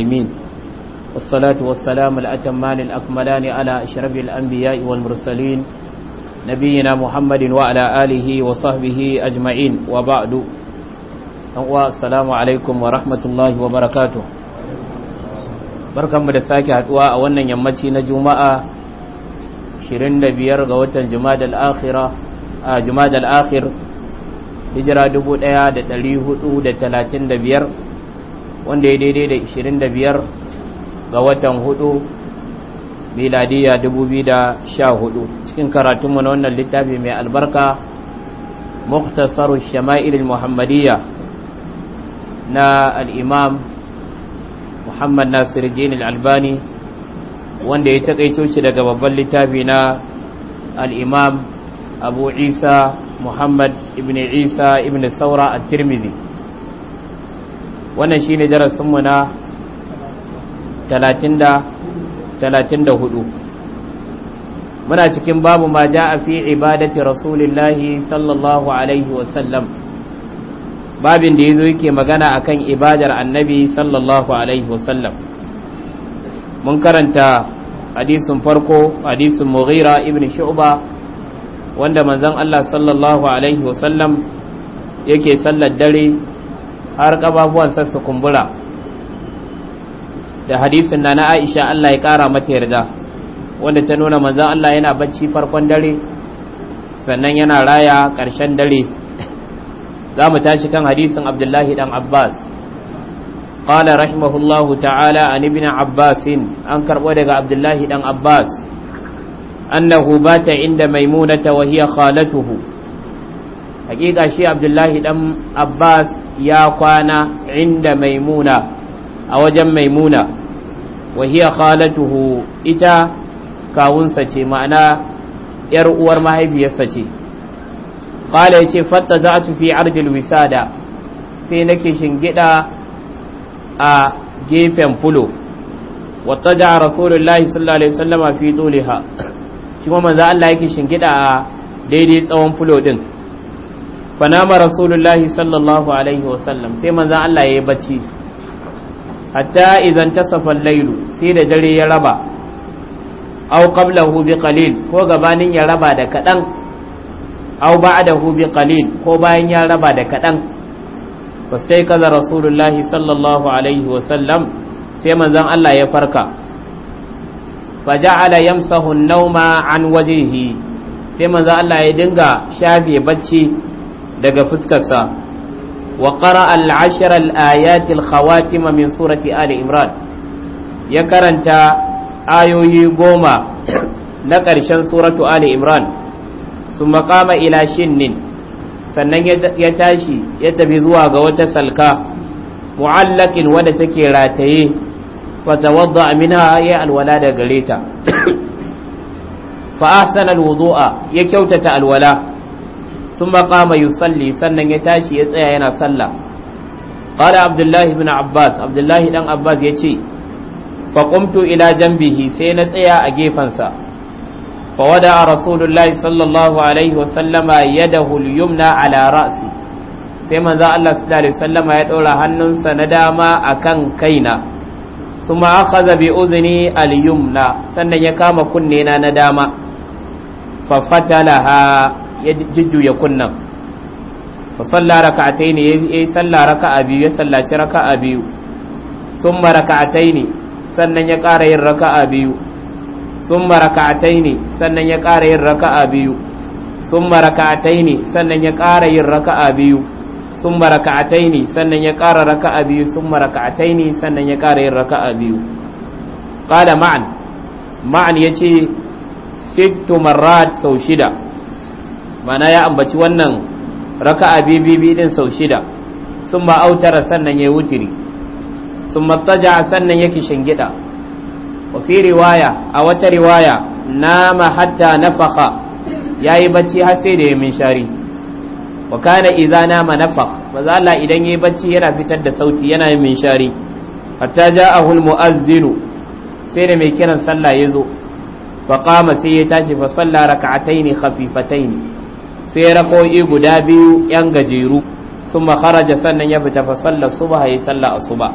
العالمين والصلاة والسلام الأتمان الأكملان على أشرف الأنبياء والمرسلين نبينا محمد وعلى آله وصحبه أجمعين وبعد السلام عليكم ورحمة الله وبركاته barkanmu da sake haduwa a wannan yammaci na juma'a 25 ga watan jumadal akhira a jumadal akhir hijira 1435 wanda ya daidai da 25 ga watan 4 miladiya 2014 cikin karatunmu na wannan littafi mai albarka muktasar shama'il muhammadiyya na al'imam muhammad nasir jini albani wanda ya taƙaito shi daga babban littafi na al'imam abu isa muhammad ibn isa ibn saura a tirmidhi wannan shine darasinmu na 34 muna cikin babu ma a fi ibadati rasulillahi sallallahu alaihi sallam babin da yazo yake magana akan ibadar annabi sallallahu alaihi sallam mun karanta hadisin farko hadisin mughira ibn shu'ba wanda manzon Allah sallallahu alaihi wasallam yake sallar dare har kababuwan sassa kumbura da hadisin na na Aisha Allah ya kara mata yarda wanda ta nuna manzon Allah yana bacci farkon dare sannan yana raya karshen dare za mu tashi kan hadisin Abdullahi dan Abbas qala rahimahullahu ta'ala an ibn Abbas an karbo daga Abdullahi dan Abbas annahu bata inda maimunata wa hiya khalatuhu hakika shi abdullahi dan abbas ya kwana inda maimuna a wajen maimuna wa hiya khalatuhu ita kawunsa ce ma'ana yar uwar mahaifiyarsa ce qala yace fatta za'tu fi ardil wisada sai nake shingida a gefen fulo wattaja rasulullahi sallallahu alaihi wasallama fi tuliha shi kuma manzo Allah yake shingida a daidai tsawon fulo din fanama rasulullahi sallallahu alaihi wasallam sai manzan Allah ya yi bacci hatta idan tasafan lailu sai da dare ya raba aw qablahu bi qalil ko gabanin ya raba da kadan aw ba'dahu bi qalil ko bayan ya raba da kadan sai kaza rasulullahi sallallahu alaihi wasallam sai manzan Allah ya farka faja'ala yamsahu an-nawma an wajhihi sai manzo Allah ya dinga shafe bacci daga fuskarsa wa qara'a al-ashara al khawatima min surati ali imran ya karanta ayoyi goma na ƙarshen suratu ali imran su makama ila shinnin sannan ya tashi ya tafi zuwa ga wata salka mu'allakin wadda take rataye fatawadda minha ya alwala da gare ta fa ahsana alwudu'a ya kyautata alwala ثم قام يصلي sannan ya tashi ya tsaya yana sallah قال عبد الله Abbas عباس dan Abbas ya ce. Faƙumtu faqumtu ila janbihi sai na tsaya a gefansa fawada rasulullahi sallallahu alaihi wa sallama yadahu al-yumna ala ra'si sai maza Allah sallallahu sallama ya ɗaura hannunsa na dama akan kaina kuma akhadha bi udhni al-yumna sannan ya kama kunne na na dama fafatalaha. ya jujjuya kunnan fa salla raka'atayn ya salla raka'a biyu ya sallaci raka'a biyu thumma raka'atayn sannan ya ƙara yin raka'a biyu thumma raka'atayn sannan ya ƙara yin raka'a biyu thumma raka'atayn sannan ya ƙara yin raka'a biyu thumma raka'atayn sannan ya ƙara raka'a biyu thumma raka'atayn sannan ya ƙara yin raka'a biyu qala ma'an ma'an yace sittu marrat sau shida mana ya ambaci wannan raka'a bibibi din sau shida sun ma autara sannan ya wutiri sun mataja sannan ya kishin gida fi riwaya a wata riwaya nama hatta nafaka ya yi bacci har sai da ya minshari wa kana idza nama ba za Allah idan yayi bacci yana fitar da sauti yana min minshari hatta a al-mu'adhdhin sai da mai kiran sallah yazo fa qama sai ya tashi fa ne rak'atayn ne. sai rako'i guda biyu yan gajeru sun makaraja sannan ya fita fa sallar suba ya yi sallar asuba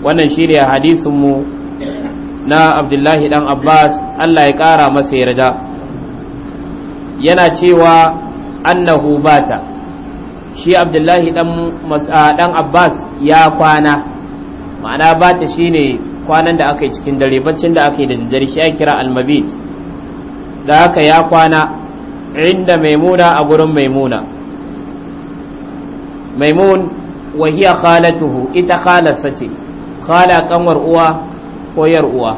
wannan shi ne hadisinmu na abdullahi dan abbas allah ya kara masa yarda yana cewa annahu bata shi abdullahi dan abbas ya kwana ma'ana bata shine kwanan da aka cikin dare baccin da aka da dare shi ya kira almabit da haka ya kwana inda maimuna a gurin maimuna maimun wahiya khalatuhu ita khalarsa ce khala kanwar uwa ko yar uwa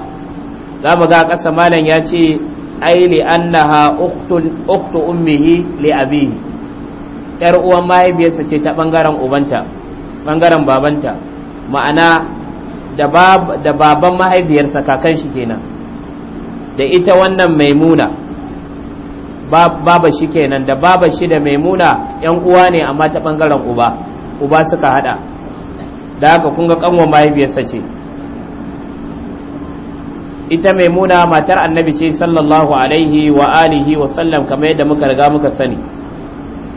za mu ga ƙasa malam ya ce aili li annaha ummihi li abihi yar uwan mahaifiyarsa ce ta bangaren ubanta babanta ma'ana da baban mahaifiyarsa kakan shi kenan da ita wannan maimuna baba shi kenan da baba shi da maimuna yan uwa ne amma ta bangaren uba uba suka hada da haka kun ga kanwa mahaifiyarsa ce ita maimuna matar annabi ce sallallahu alaihi wa alihi wa sallam kamar yadda muka riga muka sani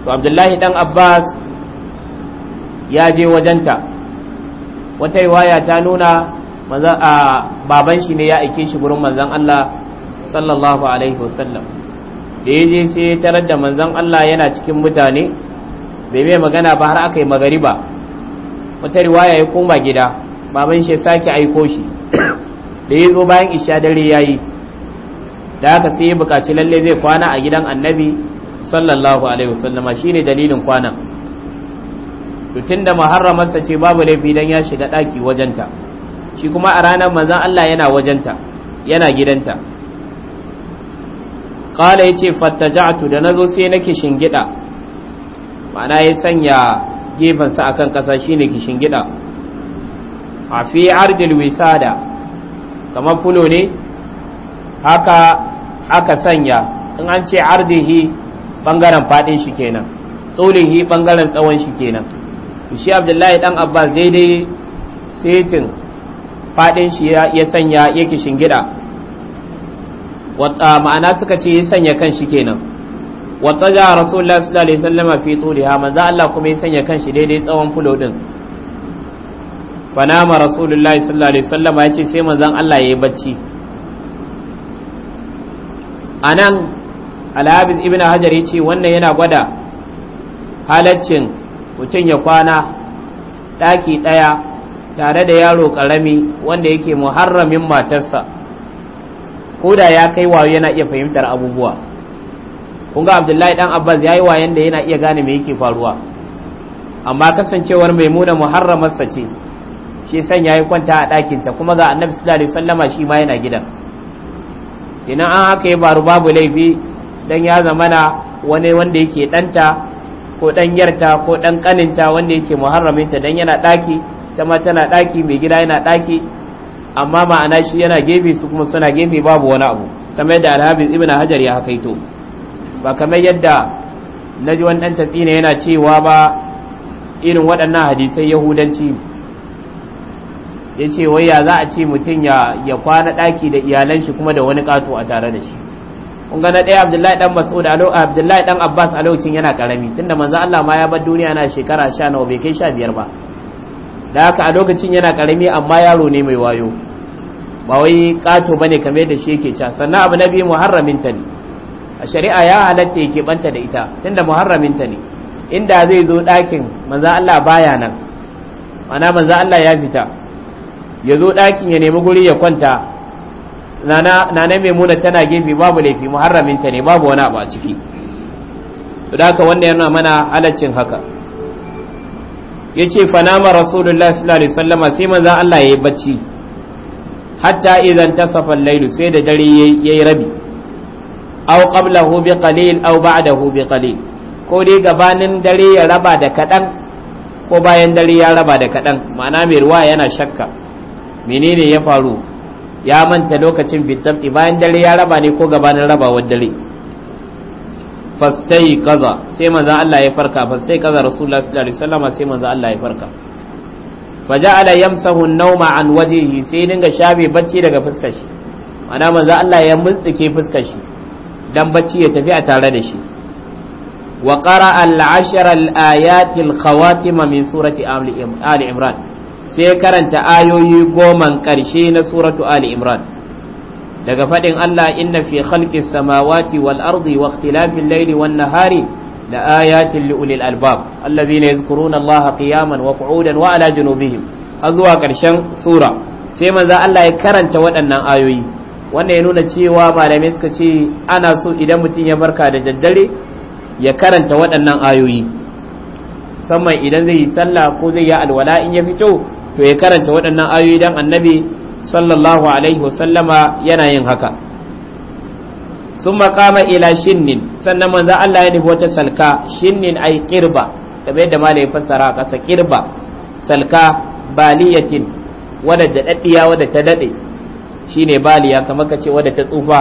to abdullahi dan abbas ya je wajenta wata riwaya ta nuna baban shi ne ya aike shi gurin manzan Allah sallallahu alaihi wa sallam da ya je sai ya tarar da manzan Allah yana cikin mutane bai mai magana ba har aka yi magari ba. wata riwaya ya koma gida baban shi sake aiko shi da ya zo bayan isha dare ya yi. da aka sai ya bukaci lalle zai kwana a gidan annabi sallallahu alaihi shi ne dalilin kwanan tutun da muharramarsa ce babu laifi don ya shiga ɗaki wajenta shi kuma a ranar manzan Allah yana wajenta yana gidanta qala yace fattaja'tu da na zo sai nake shingida ma'ana ya sanya gefen sa akan kasa shine ki shingida a fi ardil wisada kamar fulo ne haka aka sanya in an ce ardihi bangaren fadin shi kenan tsulihi bangaren tsawon shi kenan shi abdullahi dan abbas daidai setin fadin shi ya sanya yake shingida Ah, ma'ana suka ce ya sanya kan shi kenan wata ga rasulullah sallallahu alaihi wasallam fi tuliha manzo Allah kuma ya sanya kan shi daidai tsawon fulo din fanama rasulullah sallallahu alaihi wasallam ya sai manzan Allah yayi bacci anan al-habib ibnu hajar ya ce wannan yana gwada halaccin mutum ya kwana daki ɗaya tare da yaro karami wanda yake muharramin matarsa ko da ya kai wayo yana iya fahimtar abubuwa kun ga abdullahi dan abbas yayi wayan da yana iya gane me yake faruwa amma kasancewar maimuna muharramarsa ce shi san yi kwanta a ɗakinta kuma ga annabi sallallahu alaihi wasallama shi ma yana gidan idan an haka ya baru babu laifi dan ya zamana wani wanda yake danta ko dan yarta ko dan kaninta wanda yake muharraminta dan yana ɗaki ta ma tana ɗaki mai gida yana ɗaki amma ma'ana shi yana gefe su kuma suna gefe babu wani abu kamar yadda alhabis ibn hajar ya haƙaito ba kamar yadda na ji wani dan tatsina yana cewa ba irin waɗannan hadisai yahudanci ya ce waya za a ce mutum ya kwana ɗaki da iyalan shi kuma da wani ƙato a tare da shi kun na ɗaya abdullahi masu da abdullahi ɗan abbas a lokacin yana ƙarami tunda manzan Allah ma ya bar duniya na shekara sha nawa bai kai sha biyar ba da haka a lokacin yana karami amma yaro ne mai wayo ba wai kato bane kamar da shi yake ca sannan abu na biyu muharramin ta ne a shari'a ya halatta yake banta da ita tunda muharramin ta ne inda zai zo ɗakin manzo Allah baya nan mana manzo Allah ya fita ya zo ɗakin ya nemi guri ya kwanta nana maimuna tana gefe babu laifi muharramin ta ne babu wani abu a ciki to da haka wannan yana mana halaccin haka Ya yace fanama rasulullah sallallahu alaihi wasallama sai manzon Allah yayi bacci hatta idan ta safar lailu sai da dare ya yi rabi aw qablahu bi qalil aw ba'dahu bi qalil ko dai gabanin dare ya raba da kadan ko bayan dare ya raba da kadan ma'ana mai ruwa yana shakka menene ya faru ya manta lokacin bitabti bayan dare ya raba ne ko gabanin rabawar dare fastai kaza sai manzon Allah ya farka fastai kaza rasulullah sallallahu alaihi wasallam sai manzon Allah ya farka faja'ala yamsahu an-nawma an wajhihi sai dinga shabe bacci daga fuskar shi ana manzon Allah ya mutsike fuskar shi dan bacci ya tafi a tare da shi wa qara'a al-'ashar al-ayati al-khawatima min surati ali imran sai karanta ayoyi goman karshe na suratu ali imran daga faɗin Allah inna fi khalqis samawati wal ardi wa ikhtilafil layli wan nahari la ayatin li ulil albab allazina yadhkuruna Allah qiyaman wa qu'udan wa ala junubihim har zuwa ƙarshen sura sai manzo Allah ya karanta waɗannan ayoyi wannan ya nuna cewa malamai suka ce ana so idan mutum ya barka da daddare ya karanta waɗannan ayoyi musamman idan zai yi sallah ko zai yi alwala in ya fito to ya karanta waɗannan ayoyi dan annabi sallallahu alaihi wasallama yana yin haka sun makama ila shinnin sannan manzan Allah ya nufi wata salka shinnin ai kirba kamar yadda malai fassara a ƙasa kirba salka baliyatin wadda da daɗiya wadda ta daɗe shine baliya kamar ka ce wadda ta tsufa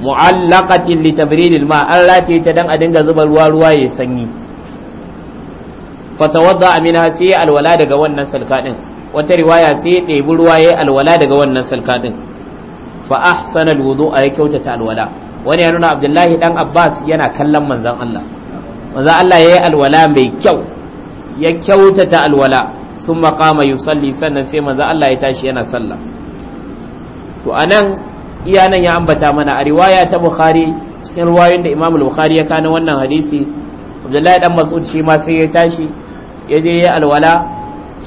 mu'allaqatin li tabridil ma an rafe ta dan a dinga zuba ruwa ruwa ya sanyi fatawadda amina sai alwala daga wannan salka din wata riwaya sai ya ɗebi ruwa ya alwala daga wannan salka din fa ahsana alwudu ya kyautata alwala wani ya nuna abdullahi dan abbas yana kallon manzon Allah manzon Allah yayi alwala mai kyau ya kyautata alwala sun maƙama yusalli sannan sai manzon Allah ya tashi yana sallah to anan iya nan ya ambata mana a riwaya ta bukhari cikin ruwayoyin da imam bukhari ya kana wannan hadisi abdullahi dan mas'ud shi ma sai ya tashi ya je ya alwala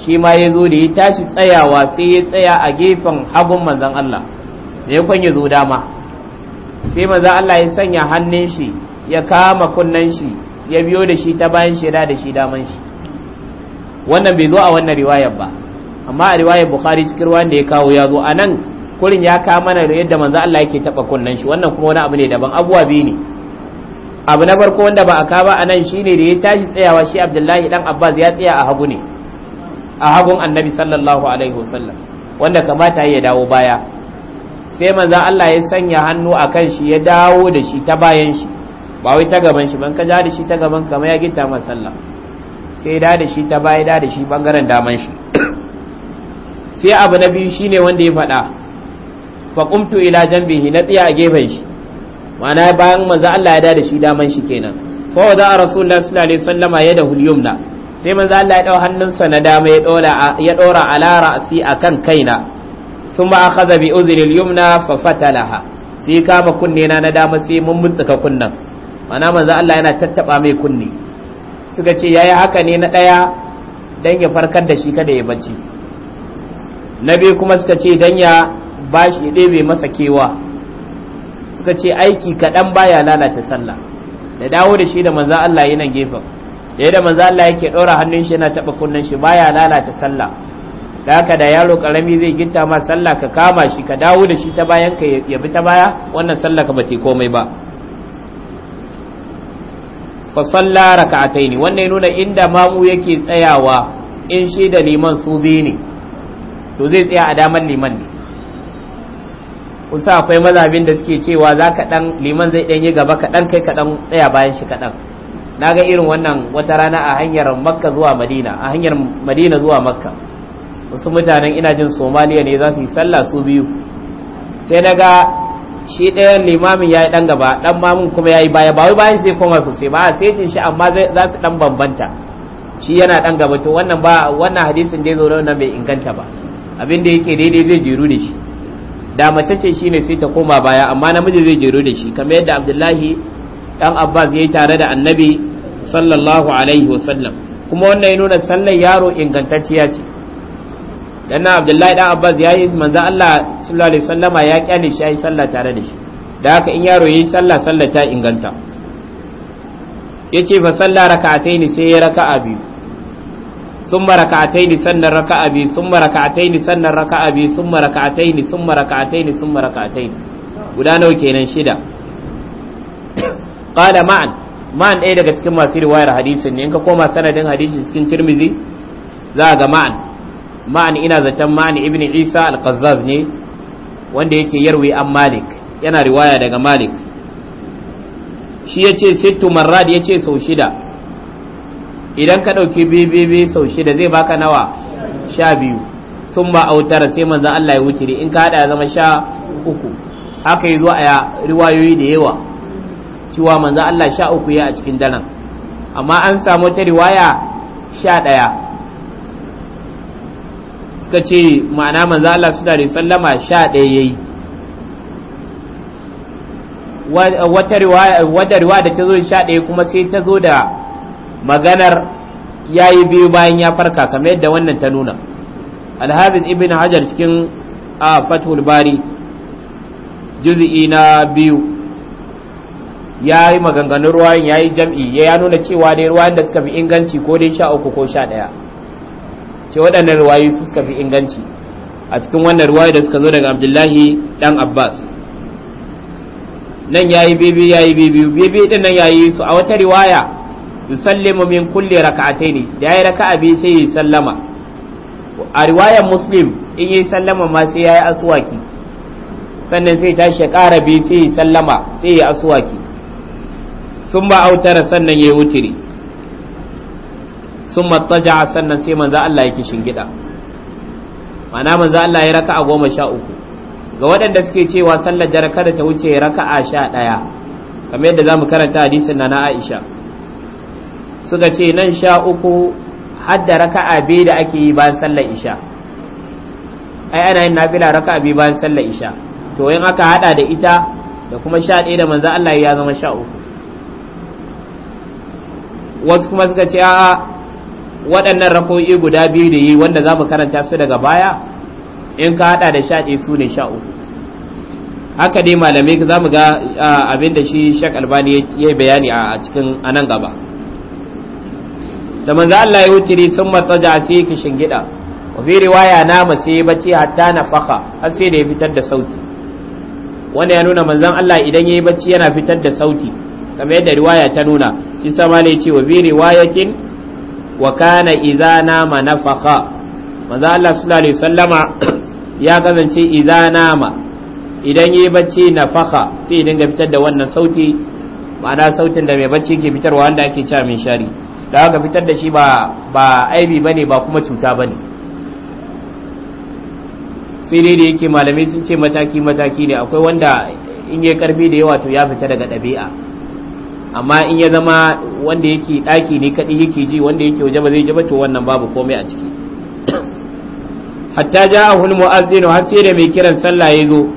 shi ma ya zo da ya tashi tsayawa sai ya tsaya a gefen hagun manzan Allah da ya kwanye zo dama sai manzan Allah ya sanya hannun shi ya kama kunnen shi ya biyo da shi ta bayan shi da shi daman shi wannan bai zo a wannan riwayar ba amma a riwayar bukhari cikin ruwan da ya kawo ya zo a nan kurin ya kawo mana da yadda manzan Allah yake taba kunnen shi wannan kuma wani abu ne daban abuwa biyu ne abu na farko wanda ba a kawo ba a nan shine da ya tashi tsayawa shi abdullahi dan abbas ya tsaya a hagu ne a hagun annabi sallallahu alaihi wasallam wanda kamata ya dawo baya sai manzo Allah ya sanya hannu akan shi ya dawo da shi ta bayan shi ba wai ta gaban shi ban ka da shi ta gaban kama ya gita masalla sai da da shi ta bayan da da shi bangaren daman shi sai abu na biyu shine wanda ya faɗa faƙumtu ila janbihi na tsiya a gefen shi ma'ana bayan manzo Allah ya da da shi daman shi kenan fa da rasulullahi sallallahu alaihi wasallama yadahu al-yumna sai manzo Allah ya dau hannunsa na dama ya dora ya dora ala ra'si akan kaina thumma akhadha bi udhri al-yumna fa fatalaha sai kama kunne na na dama sai mun mutsuka kunnan mana manzo Allah yana tattaba mai kunne suka ce yayi haka ne na daya dan ya farkar da shi kada ya bacci na biyu kuma suka ce dan ya bashi ɗebe masa kewa suka ce aiki kaɗan baya lalata sallah da dawo da shi da manzo Allah yana gefen da manzo Allah yake ɗaura hannun shi yana taba kunnan shi baya lalata sallah da haka da yaro karami zai ginta ma sallah ka kama shi ka dawo da shi ta bayan ka ya bi ta baya wannan sallah ka bata komai ba fa salla rak'ataini wannan nuna inda mamu yake tsayawa in shi da liman su ne to zai tsaya a daman liman ne kusa akwai mazabin da suke cewa zaka dan liman zai dan yi gaba kaɗan kai kaɗan tsaya bayan shi kaɗan na ga irin wannan wata rana a hanyar makka zuwa madina a hanyar madina zuwa makka wasu mutanen ina jin somaliya ne za su yi sallah su biyu sai na ga shi ɗayan limamin ya yi ɗan gaba ɗan mamun kuma ya yi baya ba wai bayan sai koma sosai ba a setin shi amma za su ɗan bambanta shi yana ɗan gaba to wannan ba wannan hadisin da ya zo wannan bai inganta ba abin da yake daidai zai jeru da shi da mace ce shi ne sai ta koma baya amma namiji zai jeru da shi kamar yadda abdullahi dan abbas ya tare da annabi sallallahu alaihi wasallam kuma wannan ya nuna sallar yaro ingantacciya ce dan Abdullahi dan Abbas yayi manzo Allah sallallahu alaihi wasallama ya kyale shi yayi sallah tare da shi da haka in yaro yayi sallah sallar ta inganta yace fa sallar raka'ataini sai ya raka'a biyu summa raka'ataini sannan raka'a biyu summa raka'ataini sannan raka'a biyu summa raka'ataini summa raka'ataini summa raka'ataini guda nawa kenan shida qala ma'an ma'an ɗaya daga cikin masu riwayar hadisin ne in ka koma sanadin hadisi cikin tirmizi za ga ma'an ma'an ina zaton ma'an ibn isa al-qazzaz ne wanda yake yarwi an malik yana riwaya daga malik shi ya ce sittu marrad ya ce sau shida idan ka ɗauki bbb sau shida zai baka nawa sha biyu sun ba autara sai manzan allah ya wutiri in ka haɗa ya zama sha uku haka yi zuwa a riwayoyi da yawa cewa manzo Allah sha uku ya a cikin daren amma an samu ta riwaya sha ɗaya suka ce ma'ana manzo Allah suna da sallama sha ɗaya ya yi wata riwaya da ta zo sha ɗaya kuma sai ta zo da maganar ya yi biyu bayan ya farka kamar yadda wannan ta nuna alhabis ibn hajar cikin a fathul bari juzi'i na biyu ya yi maganganun ruwan ya yi jam'i ya nuna cewa ne ruwan da suka fi inganci ko dai sha uku ko sha ɗaya ce waɗannan ruwayi su suka fi inganci a cikin wannan ruwayi da suka zo daga abdullahi ɗan abbas nan ya yi bebe ya yi bebe bebe ɗin nan ya yi su a wata riwaya salle min kulle raka'atai ne da ya yi raka'a biyu sai ya sallama a riwayar muslim in ya yi sallama ma sai ya yi asuwaki sannan sai tashi ya ƙara biyu sai ya sallama sai ya asuwaki sun ba autara sannan ya yi wuturi sun mataja sannan sai manza Allah yake shingida mana manza Allah ya raka a goma sha uku ga waɗanda suke cewa sallar jar kada ta wuce raka a sha ɗaya kamar yadda za mu karanta hadisin na na Aisha suka ce nan sha uku hadda raka raka'a biyu da ake yi bayan sallar isha ai ana yin nafila raka'a biyu bayan sallar isha to yin aka hada da ita da kuma sha ɗaya da manza Allah ya zama sha uku wasu kuma suka ce a'a waɗannan rako'i guda biyu da yi wanda za mu karanta su daga baya in ka haɗa da shaɗe su ne sha uku haka dai malamai za mu ga abin da shi shek albani ya yi bayani a cikin anan gaba da manzo Allah ya wuturi sun matsaja sai ki shingida wa fi riwaya na mace bacci hatta na faka har sai da ya fitar da sauti wanda ya nuna manzon Allah idan yayi bacci yana fitar da sauti kamar yadda riwaya ta nuna shi sama ne ce wa bi riwayatin wa kana idza nama nafakha manzo Allah sallallahu alaihi wasallama ya kasance idza nama idan yi bacci nafakha sai idan ga fitar da wannan sauti ma'ana sautin da mai bacci ke fitar fitarwa wanda ake cewa mai shari da ga fitar da shi ba ba aibi bane ba kuma cuta bane sai dai da yake malamai sun ce mataki mataki ne akwai wanda in yi karfi da yawa to ya fita daga ɗabi'a amma in ya zama wanda yake daki ne kadi yake ji wanda yake waje ba zai ji ba to wannan babu komai a ciki hatta ja'ahu al-mu'azzin har sai da mai kiran sallah ya zo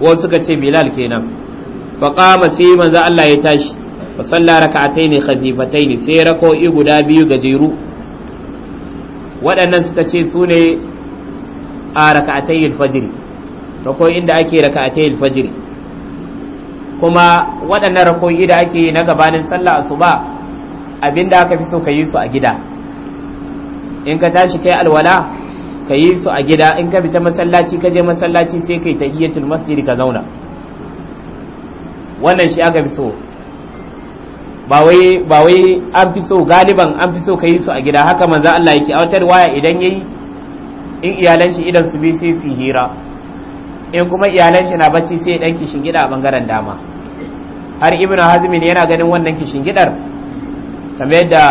wasu suka ce bilal kenan fa qama sai manzo Allah ya tashi fa salla rak'ataini khafifataini sai rako'i guda biyu gajeru waɗannan suka ce su ne a raka'atai fajiri rako inda ake raka'atai fajiri. kuma waɗannan rakoyi da ake yi na gabanin sallah asuba abinda aka fi so ka yi su a gida in ka tashi kai alwala ka yi su a gida in ka fita masallaci ka je masallaci sai kai ta tahiyatul masjid ka zauna wannan shi aka fi so ba wai ba wai an fi so galiban an fi so ka yi su a gida haka manzo Allah yake a wata riwaya idan yayi in iyalan shi idan su bi sai su hira in kuma iyalan shi na bacci sai dan kishin gida a bangaren dama har ibn hazmi ne yana ganin wannan kishin gidar kamar yadda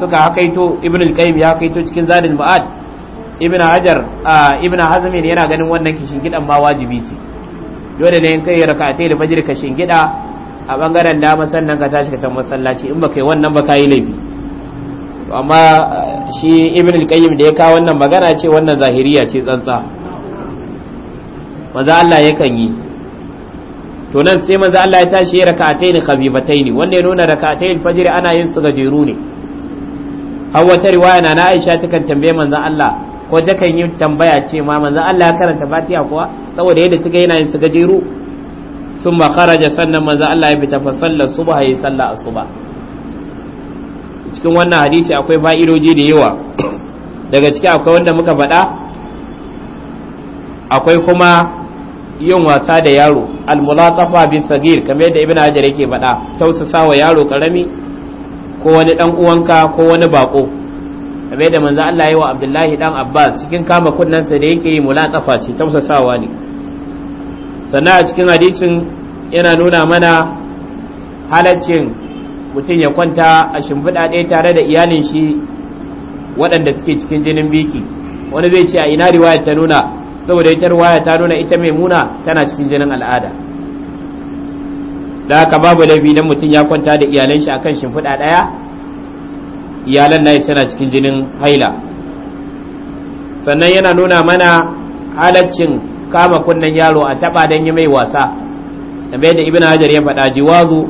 suka hakaito ibn al-qayyim ya hakaito cikin zadul ma'ad ibn hajar ibn hazmi ne yana ganin wannan kishin gidan ma wajibi ce dole ne in kai rak'atai da fajr ka gida a bangaren dama sannan ka tashi ka tan masallaci in baka yi wannan ba kai laifi amma shi ibn al da ya kawo wannan magana ce wannan zahiriya ce tsantsa maza Allah yakan yi to nan sai maza Allah ya tashi ya raka'atayn ne wanda ya nuna raka'atayn fajr ana yin su gajeru ne har wata riwaya na Aisha takan tambaye manzo Allah ko takan yi tambaya ce ma manzo Allah ya karanta Fatiha kuwa saboda yadda ta yana yin su gajeru ba kharaja sannan manzo Allah ya fita fa sallar subha ya salla asuba cikin wannan hadisi akwai fa'idoji da yawa daga ciki akwai wanda muka faɗa akwai kuma yin wasa da yaro almulatafa bi sagir kamar yadda ibn hajar yake faɗa tausasa wa yaro karami ko wani dan uwanka ko wani bako kamar yadda manzo Allah ya yi wa Abdullahi dan Abbas cikin kama kunnansa da yake yi mulatafa ce tausasawa ne sannan a cikin hadisin yana nuna mana halaccin mutum ya kwanta a shimfiɗa ɗaya tare da iyalin shi waɗanda suke cikin jinin biki wani zai ce a ina riwayar ta nuna saboda ita ruwaya ta nuna ita mai muna tana cikin jinin al'ada da haka babu laifi dan mutum ya kwanta da iyalan shi akan shimfiɗa ɗaya iyalan na tana cikin jinin haila sannan yana nuna mana halaccin kama kunnen yaro a taɓa don yi mai wasa kamar da ibn hajar ya faɗa jiwazu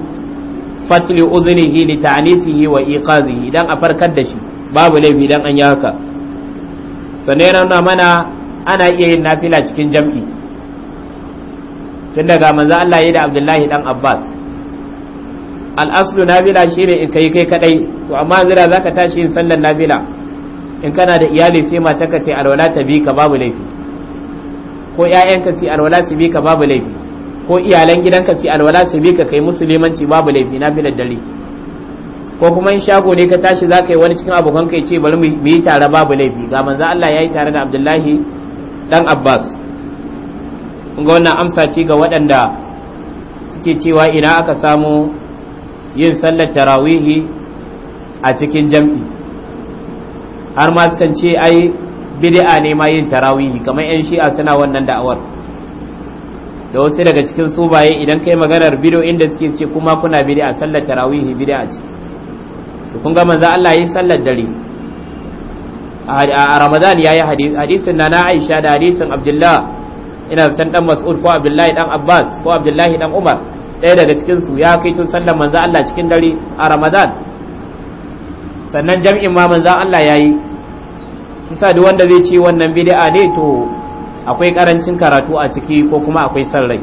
fatli uzunihi li ta'nisihi wa iqazihi dan a farkar da shi babu laifi dan an yi haka sannan yana nuna mana ana iya yin nafila cikin jam'i tun ga manzo Allah yi da Abdullahi dan Abbas Al-aslu al'aslu nafila shine in kai kai kadai to amma zira zaka tashi yin sallar nafila in kana da iyali sai mata ka ce alwala ta bi ka babu laifi ko ƴaƴanka sai alwala su bi ka babu laifi ko iyalan gidanka sai alwala su bi ka kai musulmanci babu laifi nafilar dare ko kuma in shago ne ka tashi zaka yi wani cikin abokan kai ce bari mu yi tare babu laifi ga manzo Allah yayi tare da Abdullahi dan abbas ga wannan amsa ce ga waɗanda suke cewa ina aka samu yin sallar tarawihi a cikin jam'i har ma sukan ce ai bid'a ne ma yin tarawihi kamar 'yan shi'a suna wannan da'awar da wasu daga cikin su baye idan kai maganar bido inda suke ce kuma kuna bid'a sallar tarawihi bid'a ce to kun ga manzo Allah yi sallar dare a ramadan ya yi hadisin na na aisha da hadisin abdullah ina san dan mas'ud ko abdullahi dan abbas ko abdullahi dan umar ɗaya daga cikin su ya kai tun sallar manzo Allah cikin dare a ramadan sannan jami'in ma manzo Allah yayi kisa duk wanda zai ce wannan bid'a ne to akwai karancin karatu a ciki ko kuma akwai san rai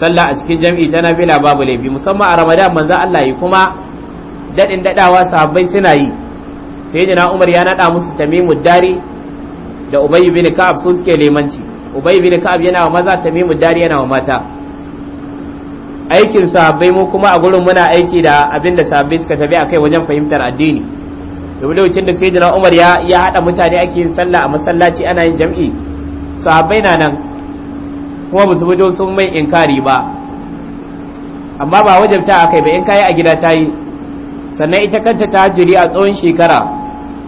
sallah a cikin jam'i tana Bila babu laifi musamman a ramadan manzo Allah yi kuma dadin dadawa sahabbai suna yi sayyidina Umar ya nada musu Tamimu Dari da Ubay bin Ka'ab sun suke lemanci Ubay bin Ka'ab yana wa maza Tamimu Dari yana wa mata aikin sahabbai mu kuma a gurin muna aiki da abinda da sahabbai suka tafi akai wajen fahimtar addini domin lokacin da sayyidina Umar ya ya hada mutane ake yin sallah a masallaci ana yin jam'i sahabbai na nan kuma ba su fito sun mai inkari ba amma ba wajabta akai ba in kai a gida tayi sannan ita kanta tahajjudi a tsawon shekara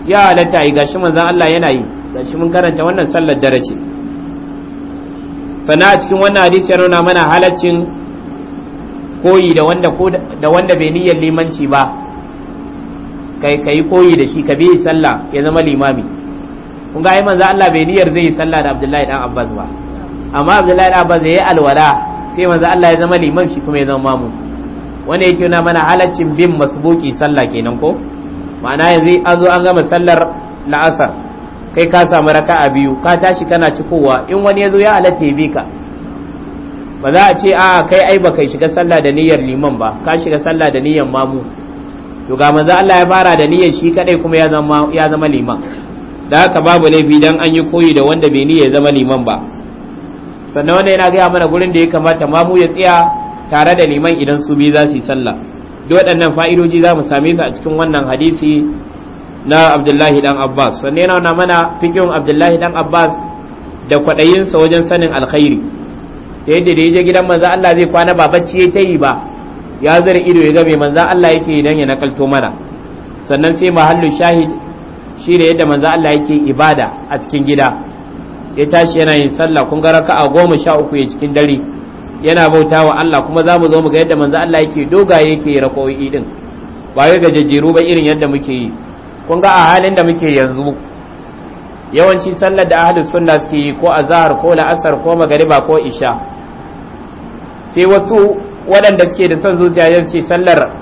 ya halatta yi gashi manzan Allah yana yi gashi mun karanta wannan sallar dare ce sannan a cikin wannan hadisi ya nuna mana halaccin koyi da wanda ko da wanda bai niyyar limanci ba kai kai koyi da shi ka bi sallah ya zama limami kun ga ai manzo Allah bai niyyar zai yi sallah da Abdullahi dan Abbas ba amma Abdullahi dan Abbas yayi alwala sai manzo Allah ya zama liman shi kuma ya zama mamu wani yake na mana halaccin bin masbuki sallah kenan ko ma'ana yanzu an zo an gama sallar la'asar kai ka samu a biyu ka tashi kana cikowa in wani ya zo ya halatta ya ka ba za a ce a kai ai ba kai shiga sallah da niyyar liman ba ka shiga sallah da niyyar mamu to ga manzo Allah ya fara da niyyar shi kadai kuma ya zama ya zama liman da haka babu laifi dan an yi koyi da wanda bai niyya zama liman ba sannan wanda yana ga mana gurin da ya kamata mamu ya tsaya tare da neman idan su biyu za su yi sallah duk waɗannan fa'idoji za mu same su a cikin wannan hadisi na abdullahi dan abbas sannan yana nuna mana fikin abdullahi dan abbas da kwaɗayinsa wajen sanin alkhairi da yadda da ya je gidan manzo Allah zai kwana ba bacci ya ta yi ba ya zara ido ya ga mai manzo Allah yake idan ya nakalto mana sannan sai mahallu shahid shi da yadda manzo Allah yake ibada a cikin gida ya tashi yana yin sallah kun ga raka'a goma sha uku ya cikin dare yana bauta wa Allah kuma za mu zo mu ga yadda manzo Allah yake dogaye yake rakowi din ba wai ga jajjeru ba irin yadda muke yi kun ga a halin da muke yanzu yawanci sallar da ahlus sunna suke yi ko azhar ko la'asar ko magariba ko isha sai wasu waɗanda suke da son zuciya ce sallar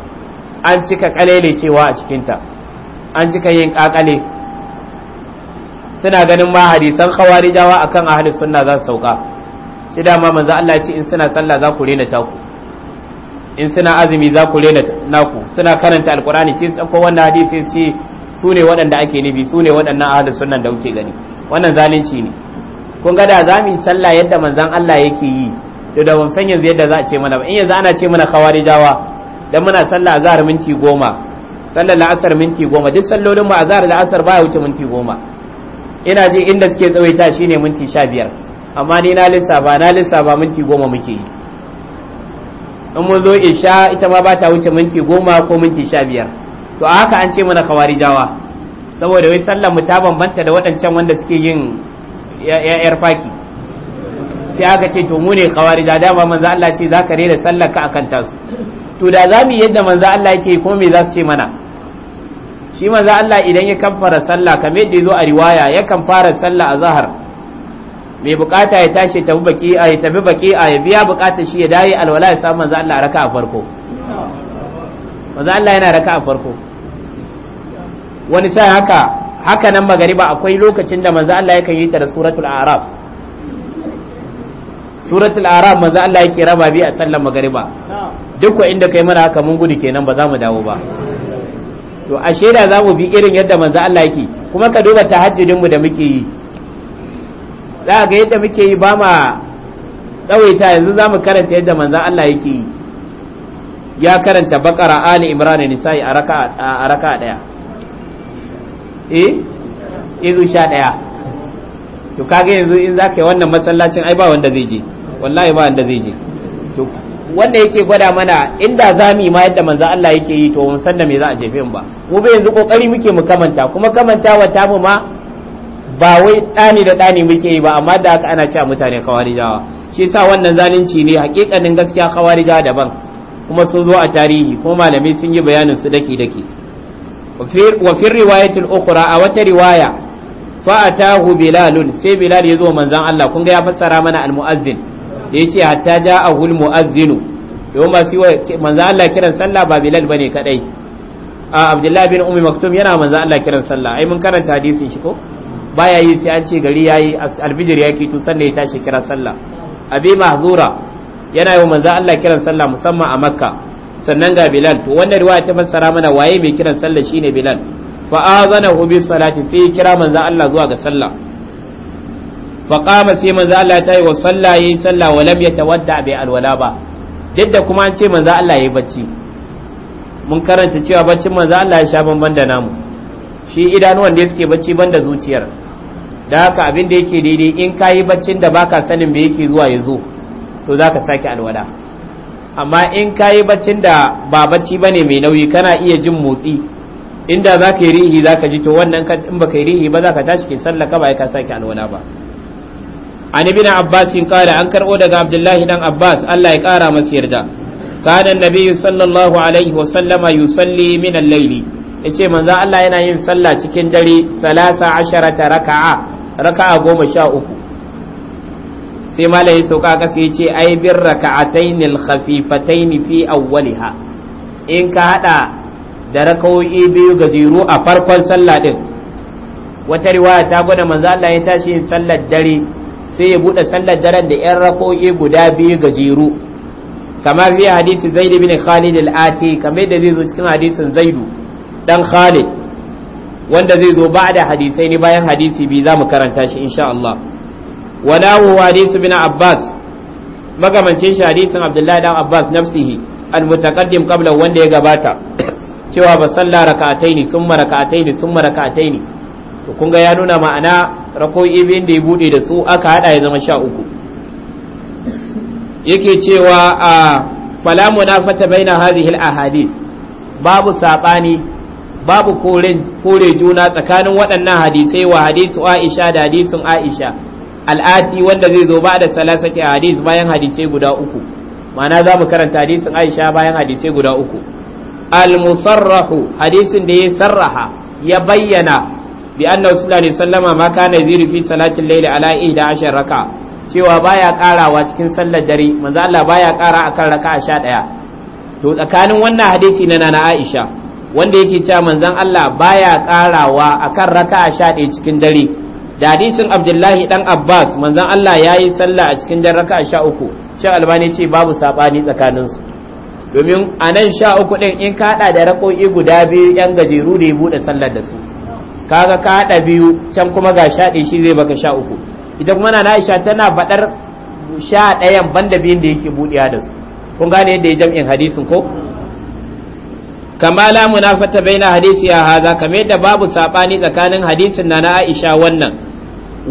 an cika kalele cewa a cikinta an cika yin kakale suna ganin ma hadisan khawarijawa akan ahlus sunna za su sauka shi dama manzo Allah ce in suna sallah za ku rena ku in suna azumi za ku rena naku suna karanta alkurani sai ko wannan hadisi sai ce su ne waɗanda ake nufi su ne waɗannan ahlus sunnan da kuke gani wannan zalunci ne kun ga da zamu sallah yadda manzon Allah yake yi to da ban san yanzu yadda za a ce mana ba in yanzu ana ce mana khawarijawa dan muna sallah a zahar minti goma sallar la'asar minti goma duk sallolin mu zahar la'asar baya wuce minti goma ina ji inda suke tsawaita shine minti sha biyar amma ni na lissafa na lissafa minti goma muke yi in mun zo isha ita ma ba ta wuce minti goma ko minti sha biyar to a haka an ce mana kawarijawa saboda wai sallar mu ta bambanta da waɗancan wanda suke yin yar faki sai aka ce to mu ne kawarija dama manzo Allah ce zaka rera sallar ka akan tasu to da zamu yadda manzo Allah yake kuma me za su ce mana shi manzo Allah idan ya kan fara sallah kamar yadda zo a riwaya ya kan fara sallah a zahar mai bukata ya tashi tafi baki a ya tafi baki a ya biya bukata shi ya dai alwala ya samu manzo Allah raka a farko manzo Allah yana raka a farko wani sai haka haka nan magariba akwai lokacin da manzo Allah yakan yi ta da suratul a'raf suratul a'raf manzo Allah yake raba bi a sallar magariba duk inda kai mana haka mun gudu kenan ba za mu dawo ba to ashe da za mu bi irin yadda manzo Allah yake kuma ka duba tahajjudin mu da muke yi za a ga yadda muke yi ba ma tsawaita yanzu za mu karanta yadda manzan Allah yake yi ya karanta bakara ali imran nisa'i a raka daya eh izu sha daya to kage yanzu in zaka yi wannan masallacin ai ba wanda zai je wallahi ba wanda zai je to wanda yake gwada mana inda yi ma yadda manzo Allah yake yi to mun san da me za a jefe mu ba mu bai yanzu kokari muke mu kamanta kuma kamantawa ta mu ma ba wai ɗani da ɗani muke yi ba amma da haka ana cewa mutane kawarijawa shi yasa wannan zalunci ne hakikanin gaskiya khawarijawa daban kuma sun zo a tarihi ko malamai sun yi bayanin su daki daki wa fi riwayatul ukhra a wata riwaya fa atahu bilalun sai bilal ya zo manzon Allah kun ga ya fassara mana al muazzin da yace hatta ja'a al muazzin yau ma wa manzon Allah kiran sallah ba bilal bane kadai a abdullahi bin ummi maktum yana manzon Allah kiran sallah ai mun karanta hadisin shi ko baya yi sai an ce gari ya yi alfijir ya kitu sannan ya tashi kira sallah abi mahzura yana yi manzo Allah kiran sallah musamman a makka sannan ga bilal to wannan riwaya ta fassara mana waye mai kiran sallah shine bilal fa hu bi salati sai kira manzo Allah zuwa ga sallah fa qama sai manzo Allah ta yi wa sallah yi sallah wa lam yatawadda bi alwala ba duk da kuma an ce manzo Allah yayi bacci mun karanta cewa baccin manzo Allah ya sha bamban da namu shi idanuwan da suke bacci banda zuciyar da haka abin da yake daidai in ka yi baccin da baka sanin me yake zuwa ya zo to za ka sake alwada, amma in ka yi baccin da ba bacci ba ne mai nauyi kana iya jin motsi inda za ka yi rihi za ka ji to wannan in baka ka yi rihi ba za ka tashi ke sallaka ba ka sake alwada ba an ibn abbas in kare an karbo daga abdullahi dan abbas Allah ya kara masa yarda kana nabi sallallahu alaihi wa sallama yusalli min al-layli yace manzo Allah yana yin sallah cikin dare 13 raka'a raka'a goma sha uku sai mala ya sauka kasa ya ce ai bin raka'atayn al fi awwaliha in ka hada da raka'o'i biyu gajeru a farkon sallah din wata riwaya ta gwada manzo Allah ya tashi yin sallar dare sai ya bude sallar daren da yan raka'o'i guda biyu gajeru kamar fi hadisi zaid bin khalid al-ati kamar da zai zo cikin hadisin zaidu dan khalid wanda zai zo ba da hadisai ne bayan hadisi biyu za mu karanta shi insha Allah wadahu hadisu bin Abbas magamancin shi hadisin Abdullahi dan Abbas nafsihi al-mutaqaddim qabla wanda ya gabata cewa ba salla raka'ataini thumma raka'ataini thumma raka'ataini to kun ga ya nuna ma'ana rako'i biyun da ya bude da su aka hada ya zama sha uku yake cewa a ah, fala munafata baina hadhihi al-ahadith babu sabani babu kore juna tsakanin waɗannan hadisai wa hadisu Aisha da hadisun Aisha al'ati wanda zai zo ba da salasake ke hadis bayan hadisai guda uku ma'ana za mu karanta hadisin Aisha bayan hadisai guda uku al-musarrahu hadisin da ya sarraha ya bayyana bi anna sallallahu alaihi wasallama ma kana da fi salatin layli ala 11 raka cewa baya karawa cikin sallar dare manzo Allah baya kara akan raka'a 11 to tsakanin wannan hadisi na nana Aisha wanda yake cewa manzon Allah baya karawa akan raka'a sha ɗaya cikin dare da hadisin Abdullahi dan Abbas manzon Allah ya yi sallah a cikin dare raka'a sha uku shi albani ce babu saɓani tsakanin su domin a nan sha uku ɗin in kaɗa da raƙoƙi guda biyu yan gajeru da ya buɗe sallar da su kaga ka biyu can kuma ga sha ɗaya shi zai baka sha uku ita kuma na Aisha tana faɗar sha ɗayan banda biyun da yake buɗewa da su kun gane yadda ya jam'in hadisin ko kama la munafata baina hadisi ya haza kamar yadda babu sabani tsakanin hadisin na na Aisha wannan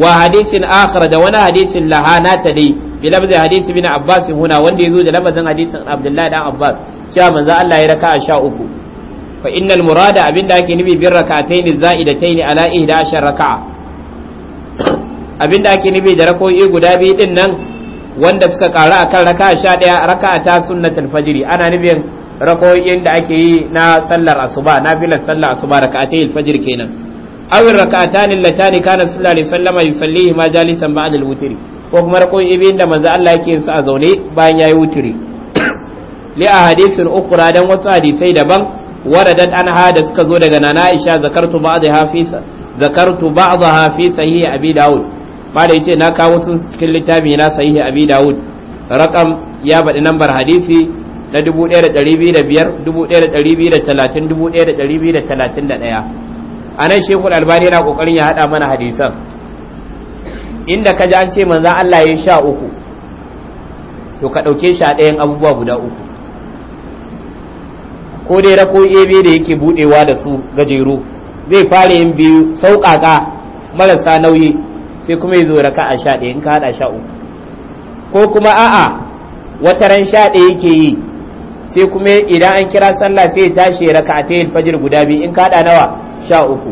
wa hadisin akhar da wani hadisin lahana ta dai bi lafzin hadisi bin Abbas huna wanda yazo da lafzin hadisin Abdullahi dan Abbas cewa manzo Allah ya raka'a sha uku fa innal murada abinda ake nubi bin rak'ataini zaidataini ala 11 raka'a abinda ake nubi da rak'o'i guda biyu din nan wanda suka karu akan raka'a 11 raka'a ta sunnatul fajr ana nufin rakoyin da ake yi na sallar asuba na filar sallar asuba raka'atai fajir kenan aw raka'atan allatani kana sallallahu alaihi wasallam yusallihi ma jalisan adal alwitri ko kuma rakoyin ibi da manzo Allah yake yin a zaune bayan yayi wuturi li a hadisin ukura dan wasu hadisai daban waradat anha da suka zo daga nana Aisha zakartu ba'daha fi zakartu ba'daha fi sahih abi daud yace na kawo sun cikin littafi na sahihi abi daud rakam ya baɗi nambar hadisi na 1205 1230 1231 anan shekul albani yana kokarin ya hada mana hadisan inda ka ji an ce manzan Allah ya sha uku to ka ɗauke shi ɗayan abubuwa guda uku ko dai rako ebe da yake buɗewa da su gajeru zai fara yin biyu sauƙaƙa marasa nauyi sai kuma ya zo raka a sha ɗaya in ka haɗa sha uku ko kuma a'a wataran sha ɗaya yake yi sai kuma idan an kira sallah sai ya tashi raka'atayil fajr guda biyu in kada nawa sha uku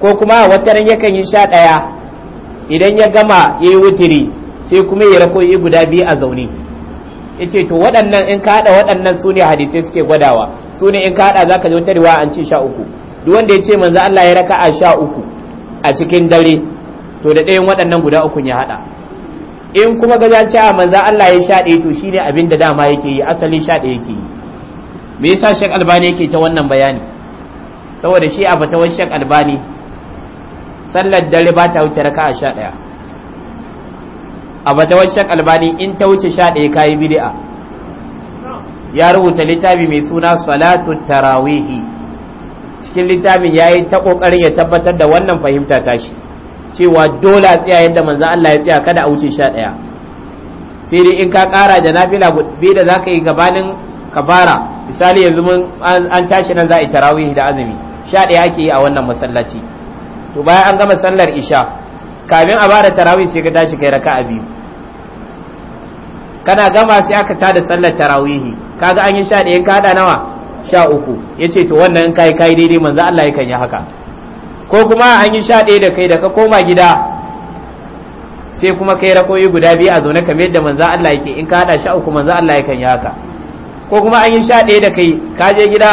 ko kuma wata ran yakan yi sha ɗaya idan ya gama yayi wutiri sai kuma ya rakoyi guda biyu a zaune yace to waɗannan in kada waɗannan sune hadisai suke gwadawa sune in kada zaka yi wata riwaya an ce sha uku duk wanda ya ce manzo Allah ya raka'a sha uku a cikin dare to da ɗayan waɗannan guda ukun ya haɗa. in kuma ga zan ce a manzan Allah ya shaɗe to to ne abin da dama yake yi asali shaɗe yake yi me yasa shek Albani yake ta wannan bayani saboda shi a fatawar shek Albani sallar dare ba ta wuce a sha ɗaya a fatawar shek Albani in ta wuce sha ɗaya kayi bid'a ya rubuta littafi mai suna salatu tarawihi cikin littafin ya yi ta ƙoƙarin ya tabbatar da wannan fahimta tashi cewa dole a tsaya yadda manzo Allah ya tsaya kada a wuce sha ɗaya sai dai in ka ƙara da nafila bi da za ka yi gabanin kabara misali yanzu mun an tashi nan za a yi tarawih da azumi sha ɗaya ake yi a wannan masallaci to bayan an gama sallar isha kafin a bada tarawih sai ka tashi kai raka'a biyu kana gama sai aka tada sallar tarawih kaga an yi sha ɗaya ka hada nawa sha uku yace to wannan in kai kai daidai manzo Allah yakan yi haka ko kuma an yi sha ɗaya da kai da ka koma gida sai kuma kai rakoyi guda biyu a zaune kamar yadda manzo Allah yake in ka haɗa sha uku manzo Allah ya kan yi haka ko kuma an yi sha ɗaya da kai ka je gida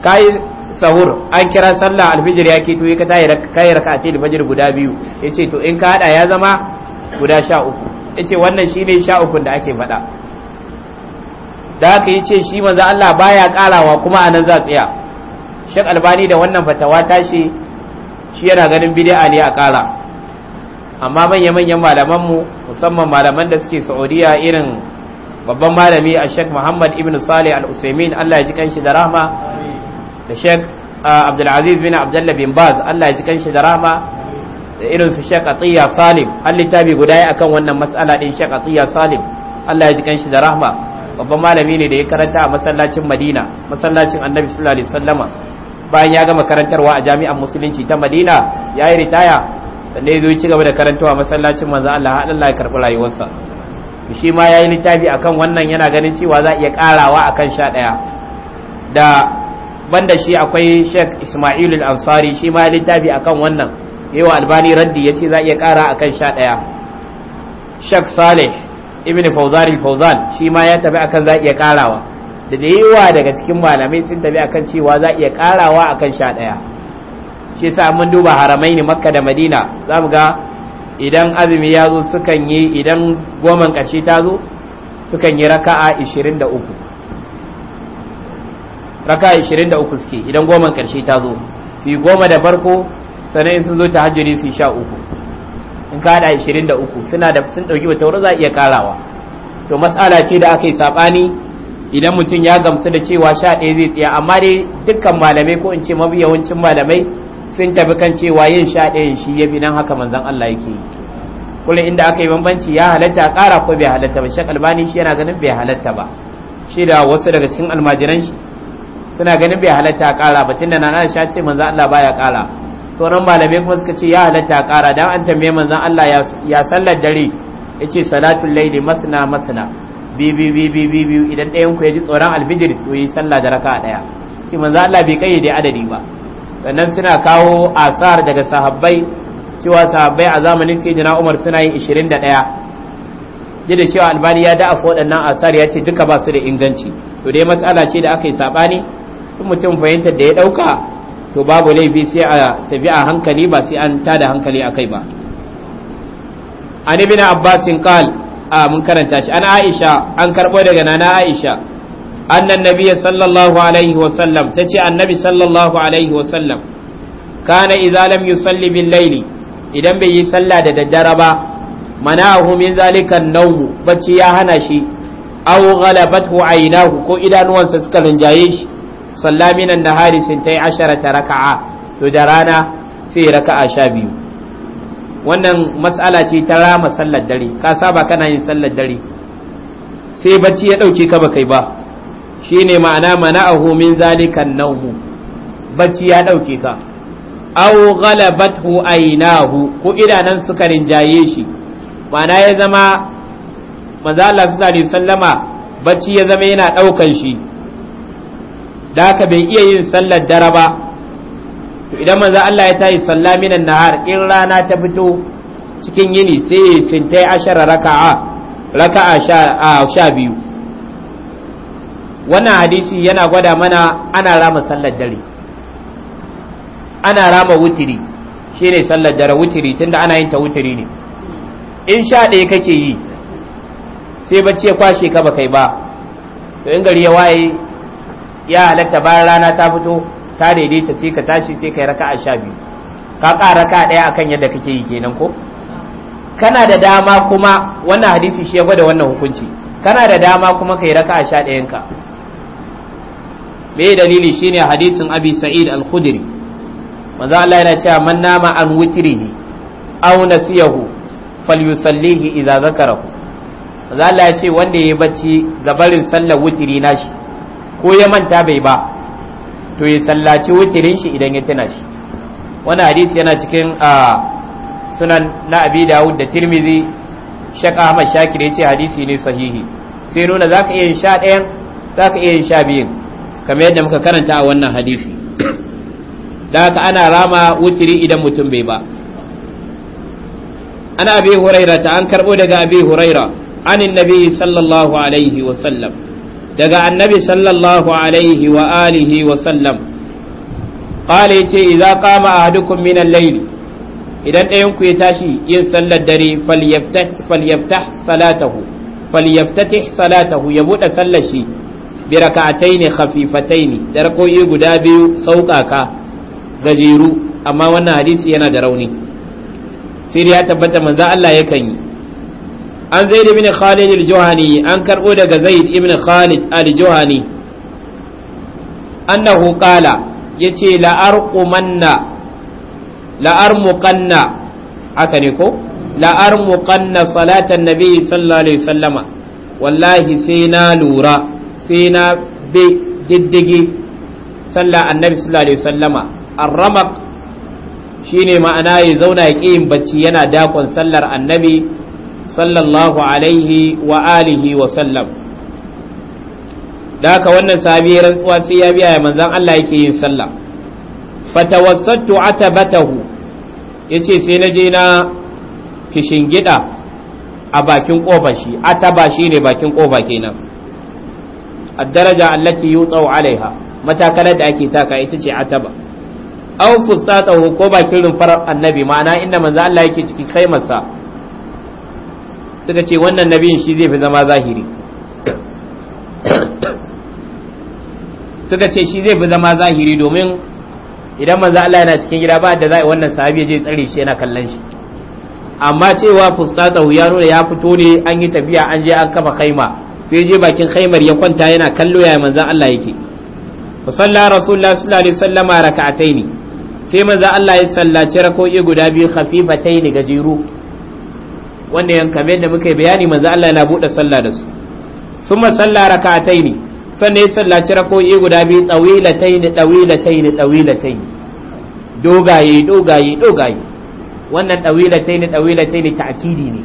ka yi sahur an kira sallah alfijir ya keto ka tayi kai raka ce da fajir guda biyu Ya ce to in ka haɗa ya zama guda sha uku Ya ce wannan shi ne sha uku da ake faɗa da haka ce shi manzo Allah baya ƙarawa kuma a nan za tsaya shek Albani da wannan fatawa tashi shi yana ganin bid'a ne a ƙara amma manya-manyan malamanmu musamman malaman da suke saudiya irin babban malami a shek muhammad ibn salih al-usaimin allah ya ji kanshi da rahama da sheik abdulaziz bin abdullah bin baz allah ya ji kanshi da rahama da irin su sheik atiya salim an littafi guda ya akan wannan matsala din sheik atiya salim allah ya ji kanshi da rahama babban malami ne da ya karanta a masallacin madina masallacin annabi sallallahu alaihi wasallama bayan ya gama karantarwa a jami'an musulunci ta madina ya yi ritaya sannan ya zo ci gaba da karantarwa masallacin manzan Allah har Allah ya karɓi rayuwarsa shi ma ya yi littafi akan wannan yana ganin cewa za a iya ƙarawa akan sha ɗaya da banda shi akwai Sheikh Ismail al-Ansari shi ma ya littafi akan wannan wa Albani raddi ya ce za a iya ƙara akan sha ɗaya Sheikh Saleh ibn fauzan fauzan shi ma ya tafi akan za a iya ƙarawa da da yawa daga cikin malamai sun tafi akan cewa za iya karawa akan sha ɗaya shi sa mun duba haramai ne makka da madina za mu ga idan azumi ya zo sukan yi idan goman ƙarshe ta zo sukan yi raka'a 23 raka'a 23 suke idan goman ƙarshe ta zo su yi goma da farko sannan sun zo ta hajjiri su sha uku in ka haɗa 23 suna da sun ɗauki wata wuri za a iya karawa to matsala ce da aka yi saɓani idan mutum ya gamsu da cewa sha ɗaya zai tsaya amma dai dukkan malamai ko in ce mafi yawancin malamai sun tafi kan cewa yin sha ɗayan shi ya bi nan haka manzan Allah yake yi kullum inda aka yi bambanci ya halatta ƙara ko bai halatta ba shek albani shi yana ganin bai halatta ba shi da wasu daga cikin almajiran shi suna ganin bai halatta ƙara ba tunda na sha ce manzan Allah baya ƙara sauran malamai kuma suka ce ya halatta ƙara dan an tambaye manzan Allah ya sallar dare ya ce salatul laili masna masna biyu biyu biyu idan ɗayan ku ya ji tsoron alfijir to yi sallah da raka ɗaya shi manzo Allah bai da adadi ba sannan suna kawo asar daga sahabbai cewa sahabbai a zamanin jina Umar suna yi 21 da cewa albani ya da afu waɗannan asar ya ce duka ba su da inganci to dai matsala ce da aka yi sabani in mutum fahimtar da ya ɗauka to babu laifi sai a tafi a hankali ba sai an tada hankali akai ba an ibn abbasin qala a mun karanta shi an aisha an karɓo daga nana aisha annan nabiyya sallallahu alaihi wa sallam tace annabi sallallahu alaihi wa sallam kana idza lam yusalli bil layli idan bai yi sallah da daddare ba mana'ahu min zalika an-nawm bacci ya hana shi aw ghalabathu aynahu ko idanuwansa suka rinjaye shi sallaminan nahari sintai asharata raka'a to da rana sai raka'a sha biyu wannan matsala ce ta rama sallar dare ka saba kana yin sallar dare sai bacci ya ɗauke ka ba kai ba shine ma'ana mana'ahu min zalikan nawmu bacci ya ɗauke ka aw ghalabathu aynahu ko idanan suka rinjaye shi ma'ana ya zama manzo Allah sallallahu alaihi wasallama bacci ya zama yana ɗaukan shi da haka bai iya yin sallar dare ba to idan manzo Allah ya tayi salla minan nahar in rana ta fito cikin yini sai ya cintai ashara raka'a raka'a sha biyu wannan hadisi yana gwada mana ana rama sallar dare ana rama wutiri shine sallar dare wutiri tunda ana yin ta wutiri ne in sha ɗaya kake yi sai bacci ya kwashe ka ba kai ba to in gari ya waye ya halatta bayan rana ta fito Ka daidaita sai ka tashi sai raka raka'a sha biyu ka ƙara raka'a ɗaya akan yadda kake yi kenan ko kana da dama kuma wannan hadisi shi ya gwada wannan hukunci kana da dama kuma ka yi raka'a sha ka me dalili shine hadisin abi sa'id al-khudri manzo Allah yana cewa man nama an witrihi aw nasiyahu falyusallihi idza zakarahu manzo Allah ya ce wanda yayi bacci gabarin sallar witri nashi ko ya manta bai ba to ya sallaci wutirin shi idan ya tuna shi wani hadisi yana cikin a sunan na abi dawud da tirmizi Shaka ahmad shakir ya ce hadisi ne sahihi sai nuna zaka iya sha ɗayan zaka iya sha biyun kamar yadda muka karanta a wannan hadisi da haka ana rama wutiri idan mutum bai ba ana abi huraira ta an karɓo daga abi huraira anin nabi sallallahu alaihi wa sallam daga annabi sallallahu alaihi wa alihi wa sallam qala ce idza qama ahadukum min al-layl idan ɗayan ku ya tashi yin sallar dare falyaftah falyaftah salatahu falyaftatih salatahu ya bude sallar shi bi rak'ataini khafifataini da rakoyi guda biyu sauƙaƙa gajeru amma wannan hadisi yana da rauni sai ya tabbata manzo Allah yakan yi an zaid ibn khalid al-juhani an karbo daga zaid ibn khalid al-juhani annahu qala yace la arqumanna la armuqanna haka ne ko la armuqanna salatan nabi sallallahu alaihi wasallama wallahi sai na lura sai na bi diddigi sallar annabi sallallahu alaihi wasallama arramaq shine ma'ana ya zauna ya ƙi yin bacci yana dakon sallar annabi sallallahu alaihi wa alihi wa sallam da haka wannan sahabi rantsuwa sai ya biya manzon Allah yake yin sallah fatawassattu atabatahu yace sai na je na kishingida a bakin kofa shi ataba shine bakin kofa kenan addaraja daraja allati yutau alaiha matakalar da ake taka ita ce ataba aw fustatahu ko bakin rumfar annabi ma'ana inda manzo Allah yake cikin kaimarsa suka ce wannan nabiyin shi zai fi zama zahiri suka ce shi zai fi zama zahiri domin idan manzo Allah yana cikin gida ba da za wannan sahabi zai tsare shi yana kallon shi amma cewa fustata ya nuna ya fito ne an yi tafiya an je an kafa khaima sai je bakin khaimar ya kwanta yana kallo ya manzo Allah yake fa salla rasulullah sallallahu alaihi wasallama raka'ataini sai manzo Allah ya sallaci rako'i guda biyu khafifataini gajeru wanda yan da muka yi bayani manzo Allah yana buɗe sallah da su summa salla raka'ataini sannan ya sallaci rako'i guda biyu tsawilataini tsawilataini tsawilataini dogaye dogaye dogaye wannan tsawilataini tsawilataini ta'kidi ne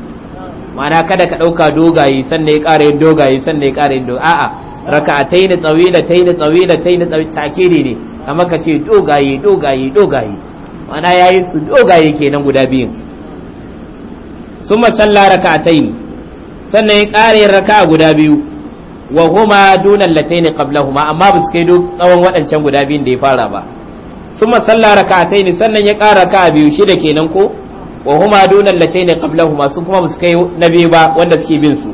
ma'ana kada ka ɗauka dogaye sannan ya ƙara yin dogaye sannan ya ƙara yin dogaye a'a raka'ataini tsawilataini tsawilataini ta'kidi ne amma ka ce dogaye dogaye dogaye ma'ana yayin su dogaye kenan guda biyun ثم صلى ركعتين sannan ya ƙara yin raka guda biyu wa huma duna lataini qablahuma amma ba su kai duk tsawon waɗancan guda biyun da ya fara ba summa salla raka'ataini sannan ya ƙara raka biyu shida kenan ko wa huma duna lataini qablahuma su kuma ba su kai na biyu ba wanda suke bin su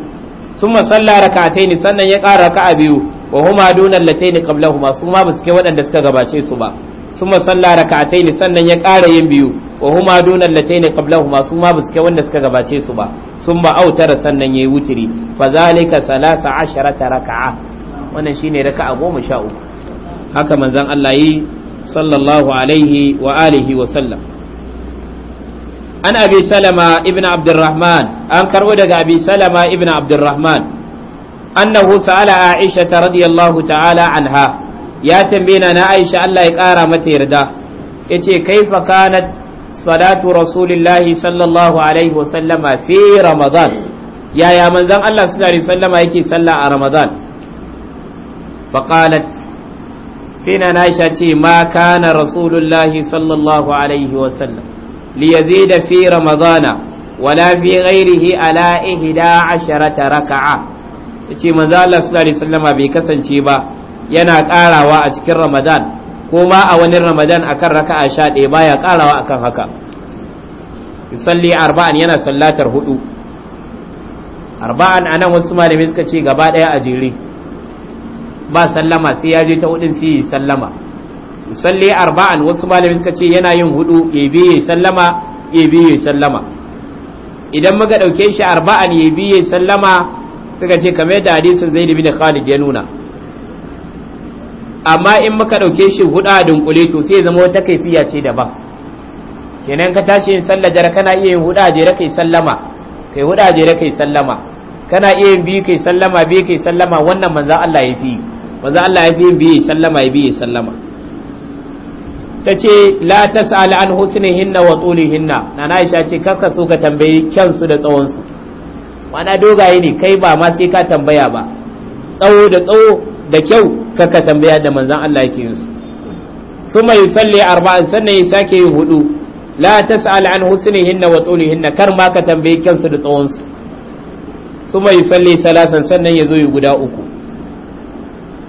summa salla raka'ataini sannan ya ƙara raka biyu wa huma duna lataini qablahuma su ma ba su kai waɗanda suka gabace su ba summa salla raka'ataini sannan ya ƙara yin biyu wa huma dunal lataini qablahuma su ma biske wanda suka gabace su ba sun ba autara sannan yayi wutiri fa zalika 13 raka'a wannan shine raka'a 13 haka manzon Allah yi sallallahu alaihi wa alihi wa sallam an abi salama ibn abdurrahman an karbo daga abi salama ibn abdurrahman annahu sa'ala aisha radiyallahu ta'ala anha ya tambayena na aisha Allah ya kara mata yarda yace kaifa kanat salatu rasulillahi sallallahu alaihi wasallama fi ramadan yaya manzan Allah sallallahu alaihi wasallama yake sallah a ramadan faqalat sina na sha ce ma kana rasulullahi sallallahu alaihi wasallam li yazida fi ramadana wala fi ghairihi ala ihda asharata raka'a yace manzo Allah sallallahu alaihi wasallama bai kasance ba yana ƙarawa a cikin ramadan ko ma a wani ramadan akan a sha ɗaya baya ƙarawa akan haka salli arba'an yana sallatar hudu arba'an anan wasu malami suka ce gaba ɗaya a jere ba sallama sai ya je ta hudun sai yi sallama salli arba'an wasu malami suka ce yana yin hudu ya bi ya sallama ya bi ya sallama idan muka ɗauke shi arba'an ya bi ya sallama suka ce kamar yadda hadisin bi da khalid ya nuna amma in muka ɗauke shi hudu a dunkule to sai zama wata kaifiya ce daban kenan ka tashi yin sallah jara kana iya yin hudu a jere kai sallama kai hudu a jere kai sallama kana iya yin biyu kai sallama biyu kai sallama wannan manza Allah ya fi manza Allah ya fi yin biyu sallama ya biyu sallama ta ce la tas'al an hinna wa tulihinna nana Aisha ce kakka so ka tambayi kyansu da tsawonsu ma'ana dogaye ne kai ba ma sai ka tambaya ba tsawo da tsawo da kyau kaka tambaya da manzan Allah yake yin su suma yusalli arba'an sannan ya sake yin hudu la sa'ala an hinna wa hinna kar ma ka tambayi kyansu da tsawon su yi salli salasan sannan ya zo yi guda uku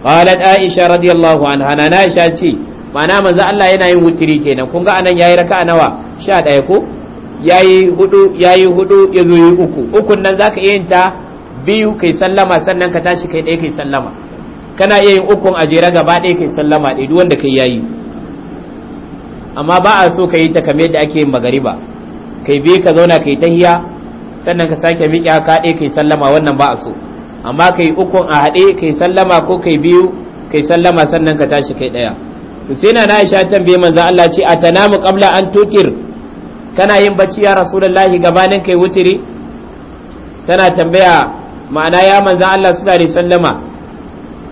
qalat aisha radiyallahu anha na isha ce ma'ana manzan Allah yana yin wutiri kenan kun ga anan yayi raka'a nawa 11 ko yayi hudu yayi hudu ya zo yi uku ukun nan zaka iya yin ta biyu kai sallama sannan ka tashi kai ɗaya kai sallama kana iya yin ukun a jere gaba ɗaya kai sallama ɗaya duk wanda kai yi amma ba a so ka yi ta kamar yadda ake yin magariba kai bi ka zauna kai tahiya sannan ka sake miƙe ka ɗaya kai sallama wannan ba a so amma kai ukun a haɗe kai sallama ko kai biyu kai sallama sannan ka tashi kai ɗaya Husaina sai na Aisha tambaye manzo Allah ce a atanamu qabla an tutir kana yin bacci ya rasulullahi gabanin kai wutiri tana tambaya ma'ana ya manzo Allah sallallahu alaihi wasallama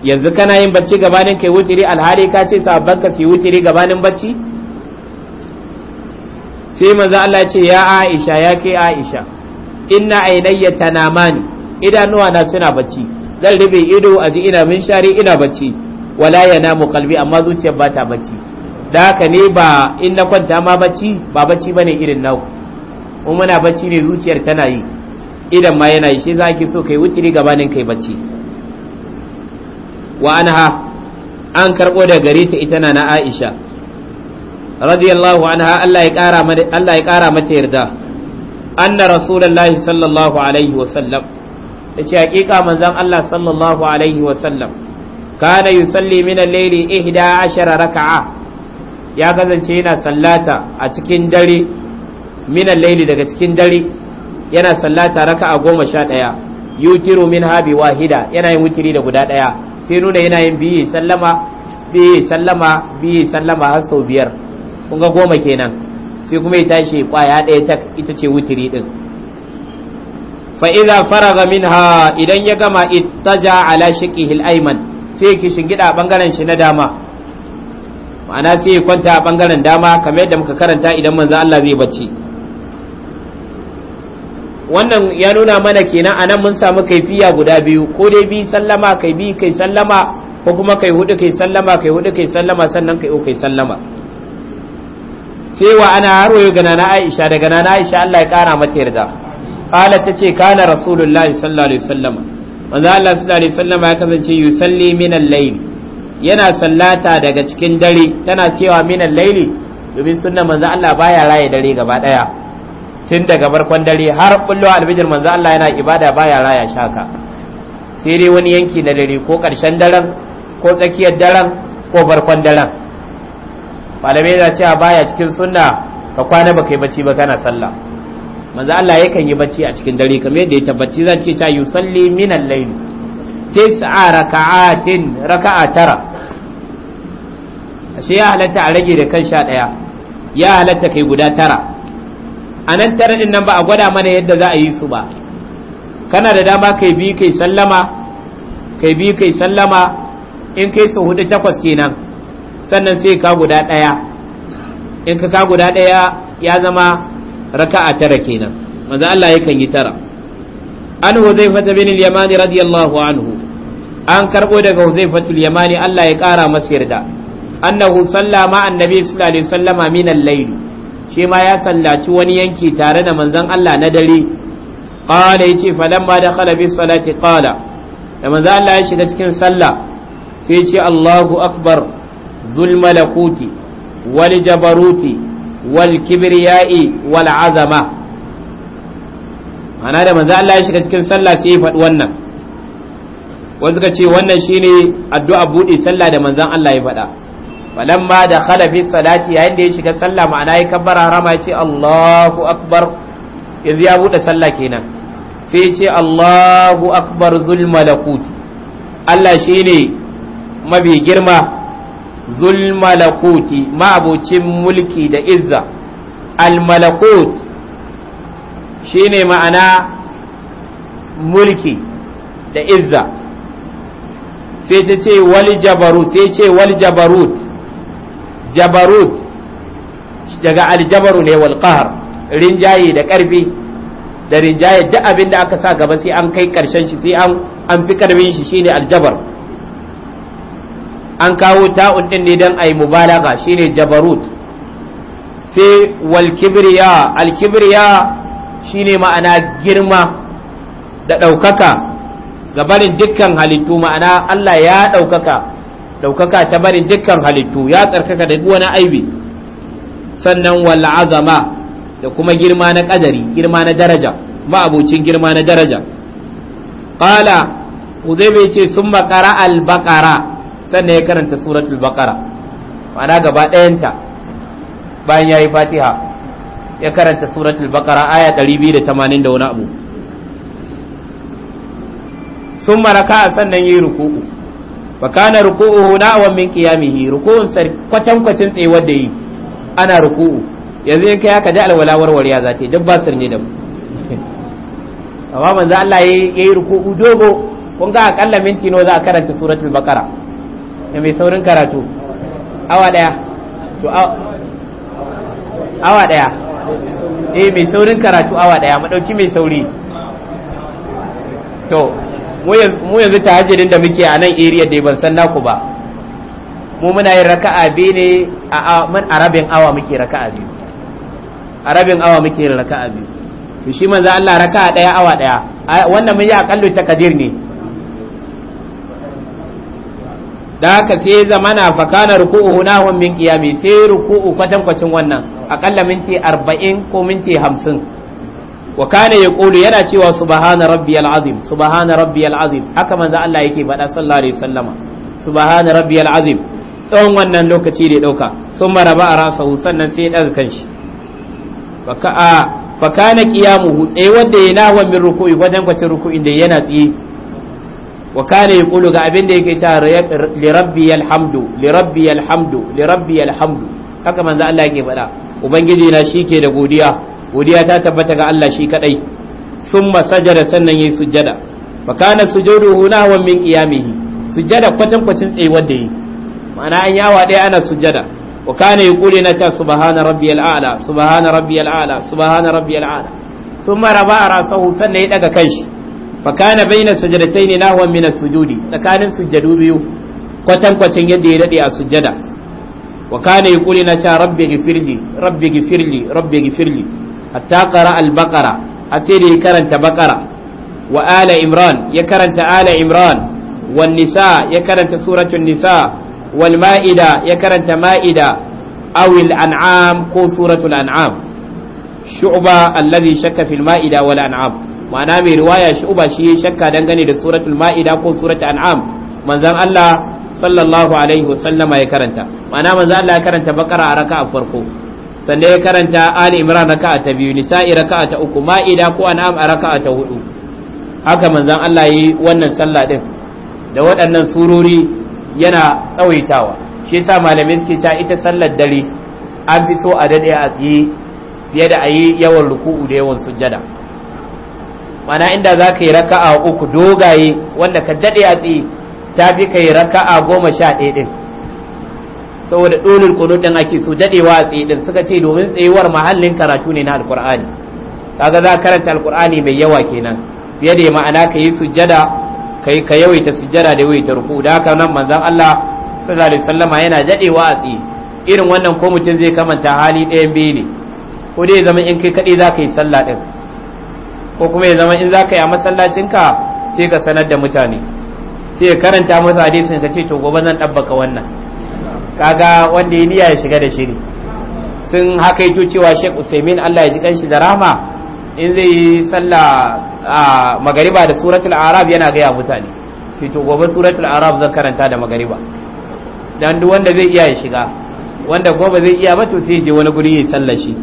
yanzu kana yin bacci gabanin kai wutiri alhali ka ce sabban ka su wutiri gabanin bacci sai manzo Allah ce ya Aisha ya kai Aisha inna ainayya tanamani idanuwa na suna bacci zan rube ido a ji ina min shari ina bacci wala namu kalbi amma zuciyar ba ta bacci da haka ne ba in na kwanta ma bacci ba bacci bane irin nau in muna bacci ne zuciyar tana yi idan ma yana yi shi za ki so kai wutiri gabanin kai bacci wa anha an karɓo da gare ta ita na Aisha radiyallahu anha Allah ya kara mata Allah ya kara mata yarda anna rasulullahi sallallahu alaihi wa sallam tace hakika manzon Allah sallallahu alaihi wa sallam kana yusalli min al-layli 11 raka'a ya kasance yana sallata a cikin dare min al daga cikin dare yana sallata raka'a ɗaya yutiru min habi wahida yana yin wutiri da guda ɗaya. sai nuna yana yin biye sallama biye sallama biye sallama har sau biyar kun ga goma kenan sai kuma ya tashi kwaya ɗaya ta ita ce wutiri ɗin. fa idza faraga minha idan ya gama ittaja ala shiqihi al-ayman sai ki shingida bangaren shi na dama ma'ana sai ya kwanta a bangaren dama kamar yadda muka karanta idan manzo Allah zai bacci wannan ya nuna mana kenan a nan mun samu kaifiya guda biyu ko dai bi sallama kai bi kai sallama ko kuma kai hudu kai sallama kai hudu kai sallama sannan kai kai sallama sai wa ana wayo ga nana Aisha daga nana Aisha Allah ya kara mata yarda qala tace kana rasulullahi sallallahu alaihi wasallam manzo Allah sallallahu alaihi wasallam ya kasance yusalli min al-layl yana sallata daga cikin dare tana cewa min al layl domin sunna manzo Allah baya raye dare gaba daya tun daga barkon dare har bullo albijir manzo Allah yana ibada baya raya shaka sai dai wani yanki na dare ko karshen daren ko tsakiyar daren ko barkon daren malamai yana cewa baya cikin sunna ka kwana baka yi bacci ba kana sallah manzo Allah yakan yi bacci a cikin dare kamar yadda ya tabbaci zan ce cewa yusalli min al-layl tis'a raka'atin raka'a tara ashe ya halatta a rage da kan sha daya ya halatta kai guda tara a nan tara din nan ba a gwada mana yadda za a yi su ba kana da dama kai bi kai sallama kai bi kai sallama in kai su hudu takwas kenan sannan sai ka guda ɗaya in ka ka guda ɗaya ya zama raka'a tara kenan manzo Allah yakan yi tara an huzaifa bin al-yamani radiyallahu anhu an karbo daga huzaifatul yamani Allah ya kara masa yarda annahu salla ma annabi sallallahu alaihi wasallama min al-layl shi ma ya sallaci wani yanki tare da manzon Allah na dare qala yace falamma dakhala bi salati qala da manzon Allah ya shiga cikin sallah sai ce Allahu akbar zul malakuti wal jabaruti wal kibriyai wal azama ana da manzon Allah ya shiga cikin sallah sai ya faɗi wannan wanda suka ce wannan shine addu'a buɗe sallah da manzon Allah ya faɗa falamma da khalafi salati yayin da ya shiga sallah ma'ana ya kabbara harama ce Allahu akbar yanzu ya bude sallah kenan sai ya ce Allahu akbar zul malakut Allah shine mabi girma zul malakuti ma'abocin mulki da izza al malakut shine ma'ana mulki da izza sai ta ce wal jabarut sai ce wal jabarut jabarut daga aljabaru ne wal rinjaye da ƙarfi da rinjaye duk abin da aka sa gaba sai an kai ƙarshen shi sai an an fi ƙarfin shi shine aljabar an kawo ta'un din ne dan ayi mubalaga shine jabarut sai wal kibriya al kibriya shine ma'ana girma da ɗaukaka gabanin dukkan halittu ma'ana Allah ya ɗaukaka ɗaukaka ta barin dukkan halittu ya tsarkaka da wani aibi sannan wal azama da kuma girma na kadari girma na daraja ma'abocin girma na daraja qala uzaibe ce sun makara al-baqara sannan ya karanta suratul baqara ma'ana gaba ɗayanta bayan yayi fatiha ya karanta suratul baqara aya 280 da wani abu sun maraka sannan yi ruku'u fa kana ruku'uhu na'wan min qiyamihi ruku'un sar kwatan kwacin tsayuwar da yi ana ruku'u yanzu in kai haka da alwala warwariya za duk ba dabba sirne da mu amma manzo Allah yayi ruku'u dogo kun ga akalla minti nawa za a karanta suratul baqara ne mai saurin karatu awa daya to awa daya eh mai saurin karatu awa daya mu dauki mai sauri to mu yanzu tahajjudin da muke a nan area da ban san naku ba mu muna yin raka'a biyu ne a man arabin awa muke raka'a biyu arabin awa muke yin raka'a biyu to shi manzo Allah raka'a daya awa daya wannan mun yi akallu takadir ne da haka sai zamana fa kana ruku'u hunahum min qiyami sai ruku'u kwatankwacin wannan akalla minti 40 ko minti 50 wa kana yaqulu yana cewa subhana rabbiyal azim subhana rabbiyal azim haka manzo Allah yake faɗa sallallahu alaihi wasallama subhana rabbiyal azim tsawon wannan lokaci da ya dauka sun maraba a rasahu sannan sai ya daga kanshi fa kana qiyamuhu tsaye eh, wanda ya nahwa min ruku'i wajen kwacin ruku'in da yana tsiye wa kana yaqulu ga abin da yake cewa li rabbiyal hamdu li rabbiyal hamdu li rabbiyal hamdu haka manzo Allah yake faɗa ubangiji na shike da godiya godiya ta tabbata ga Allah shi kadai summa da sannan yayi sujjada fa kana huna wa min qiyamihi sujjada kwatan kwacin tsayuwar da yi ma'ana an yawa dai ana sujjada wa kana yaqulu na ta subhana rabbiyal a'la subhana rabbiyal a'la subhana rabbiyal a'la thumma rafa'a ra'sahu sannan ya daga kanshi fa kana baina na nahwan min as-sujudi tsakanin sujjadu biyu kwatan kwacin yadda ya dade a sujjada wa kana yaqulu na ta rabbi ghfirli rabbi ghfirli rabbi ghfirli hatta qara al-baqara asiri ya karanta baqara wa ala imran ya karanta ala imran wan nisa ya karanta suratun nisa wal ma'ida ya karanta ma'ida aw anam ko suratul an'am shu'ba alladhi shakka fil ma'ida wal an'am ma'ana mai riwaya shu'ba shi shakka dangane da suratul ma'ida ko suratul an'am manzon Allah sallallahu alaihi wasallama ya karanta ma'ana manzon Allah ya karanta baqara a raka'a farko sannan ya karanta ali imran raka'a ta biyu nisa'i raka'a ta uku ma'ida ko an'am a raka'a ta hudu haka manzon Allah yi wannan sallah din da waɗannan surori yana tsawaitawa shi yasa malamai suke cewa ita sallar dare an fi so a dade a tsiye fiye da ayi yawan ruku'u da yawan sujjada mana inda za ka yi raka'a uku dogaye wanda ka dade a tsiye ta fi ka raka'a goma sha ɗaya ɗin saboda dolin kunut din ake so dadewa a tsaye din suka ce domin tsayuwar mahallin karatu ne na alqur'ani kaga za karanta alqur'ani mai yawa kenan fiye da ma'ana ka yi sujjada kai ka yawaita sujjada da yawaita ruku da haka nan manzon Allah sallallahu alaihi wasallama yana dadewa a tsaye irin wannan ko mutum zai kamanta hali ɗaya biyu ne ko dai zama in kai kadai za ka yi sallah din ko kuma ya zama in za ka yi a masallacinka sai ka sanar da mutane sai ya karanta masa hadisin ka ce to gobe zan ɗabbaka wannan kaga wanda ya niyya ya shiga da shiri sun haka yi cewa Sheikh Usaimin Allah ya ji kanshi da rahama in zai yi sallah a magariba da suratul arab yana gaya mutane fito gobe suratul arab zan karanta da magariba dan duk wanda zai iya ya shiga wanda gobe zai iya ba to sai je wani guri ya sallah shi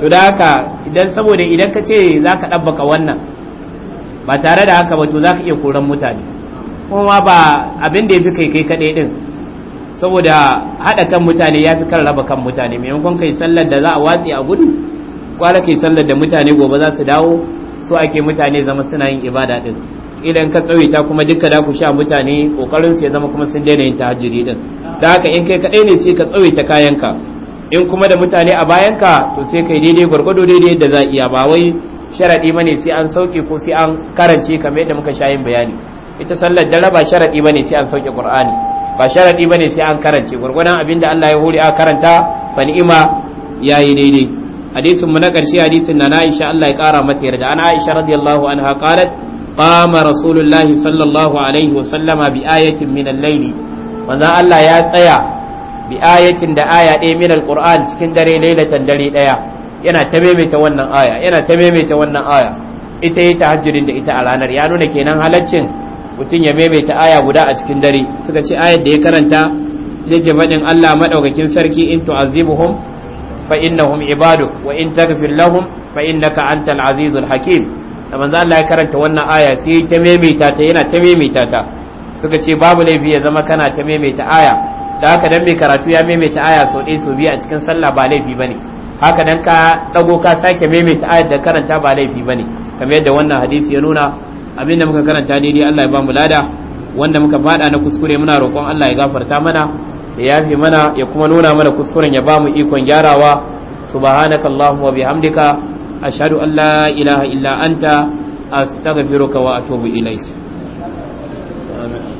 to da haka idan saboda idan ka ce zaka dabbaka wannan ba tare da haka ba to zaka iya koran mutane kuma ba abin da ya fi kai kai kadai din saboda haɗa kan mutane ya fi kan raba kan mutane maimakon kai sallar da za a watsi a gudu kwala kai sallar da mutane gobe za su dawo so ake mutane zama suna yin ibada din idan ka ta kuma duka da ku sha mutane kokarin su ya zama kuma sun daina yin tahajjudi din da haka in kai kadai ne sai ka kayan kayanka in kuma da mutane a bayanka to sai kai daidai gurgudu daidai yadda za iya ba wai sharadi bane sai an sauke ko sai an karance kamar yadda muka sha yin bayani ita sallar da raba sharadi bane sai an sauke qur'ani ba sharadi bane sai an karance abin abinda Allah ya hore a karanta fa ni'ima yayi daidai hadisin mu na karshe hadisin na Aisha Allah ya kara mata yarda ana Aisha radiyallahu anha qalat qama rasulullahi sallallahu alaihi wa sallama bi ayatin min al-layli manzo Allah ya tsaya bi ayatin da aya ɗaya min alquran cikin dare lailatan dare ɗaya yana ta maimaita wannan aya yana ta maimaita wannan aya ita yi tahajjudin da ita a ranar ya nuna kenan halaccin mutum ya maimaita aya guda a cikin dare suka ce ayar da ya karanta ita ce faɗin Allah maɗaukakin sarki in tu'azibuhum fa innahum ibaduk wa in taghfir lahum fa innaka antal azizul hakim da manzo Allah ya karanta wannan aya sai ta maimaita ta yana ta maimaita ta suka ce babu laifi ya zama kana ta maimaita aya da haka dan mai karatu ya maimaita aya sau ɗaya sau biyu a cikin sallah ba laifi bane haka dan ka dago ka sake maimaita aya da karanta ba laifi bane kamar yadda wannan hadisi ya nuna abinda muka karanta ne dai Allah ya ba mu lada wanda muka fada na kuskure muna roƙon Allah ya gafarta mana ya yafe mana ya kuma nuna mana kuskuren ya ba mu ikon gyarawa subhanakallahumma wa bihamdika ashhadu an la ilaha illa anta astaghfiruka wa atubu ilayk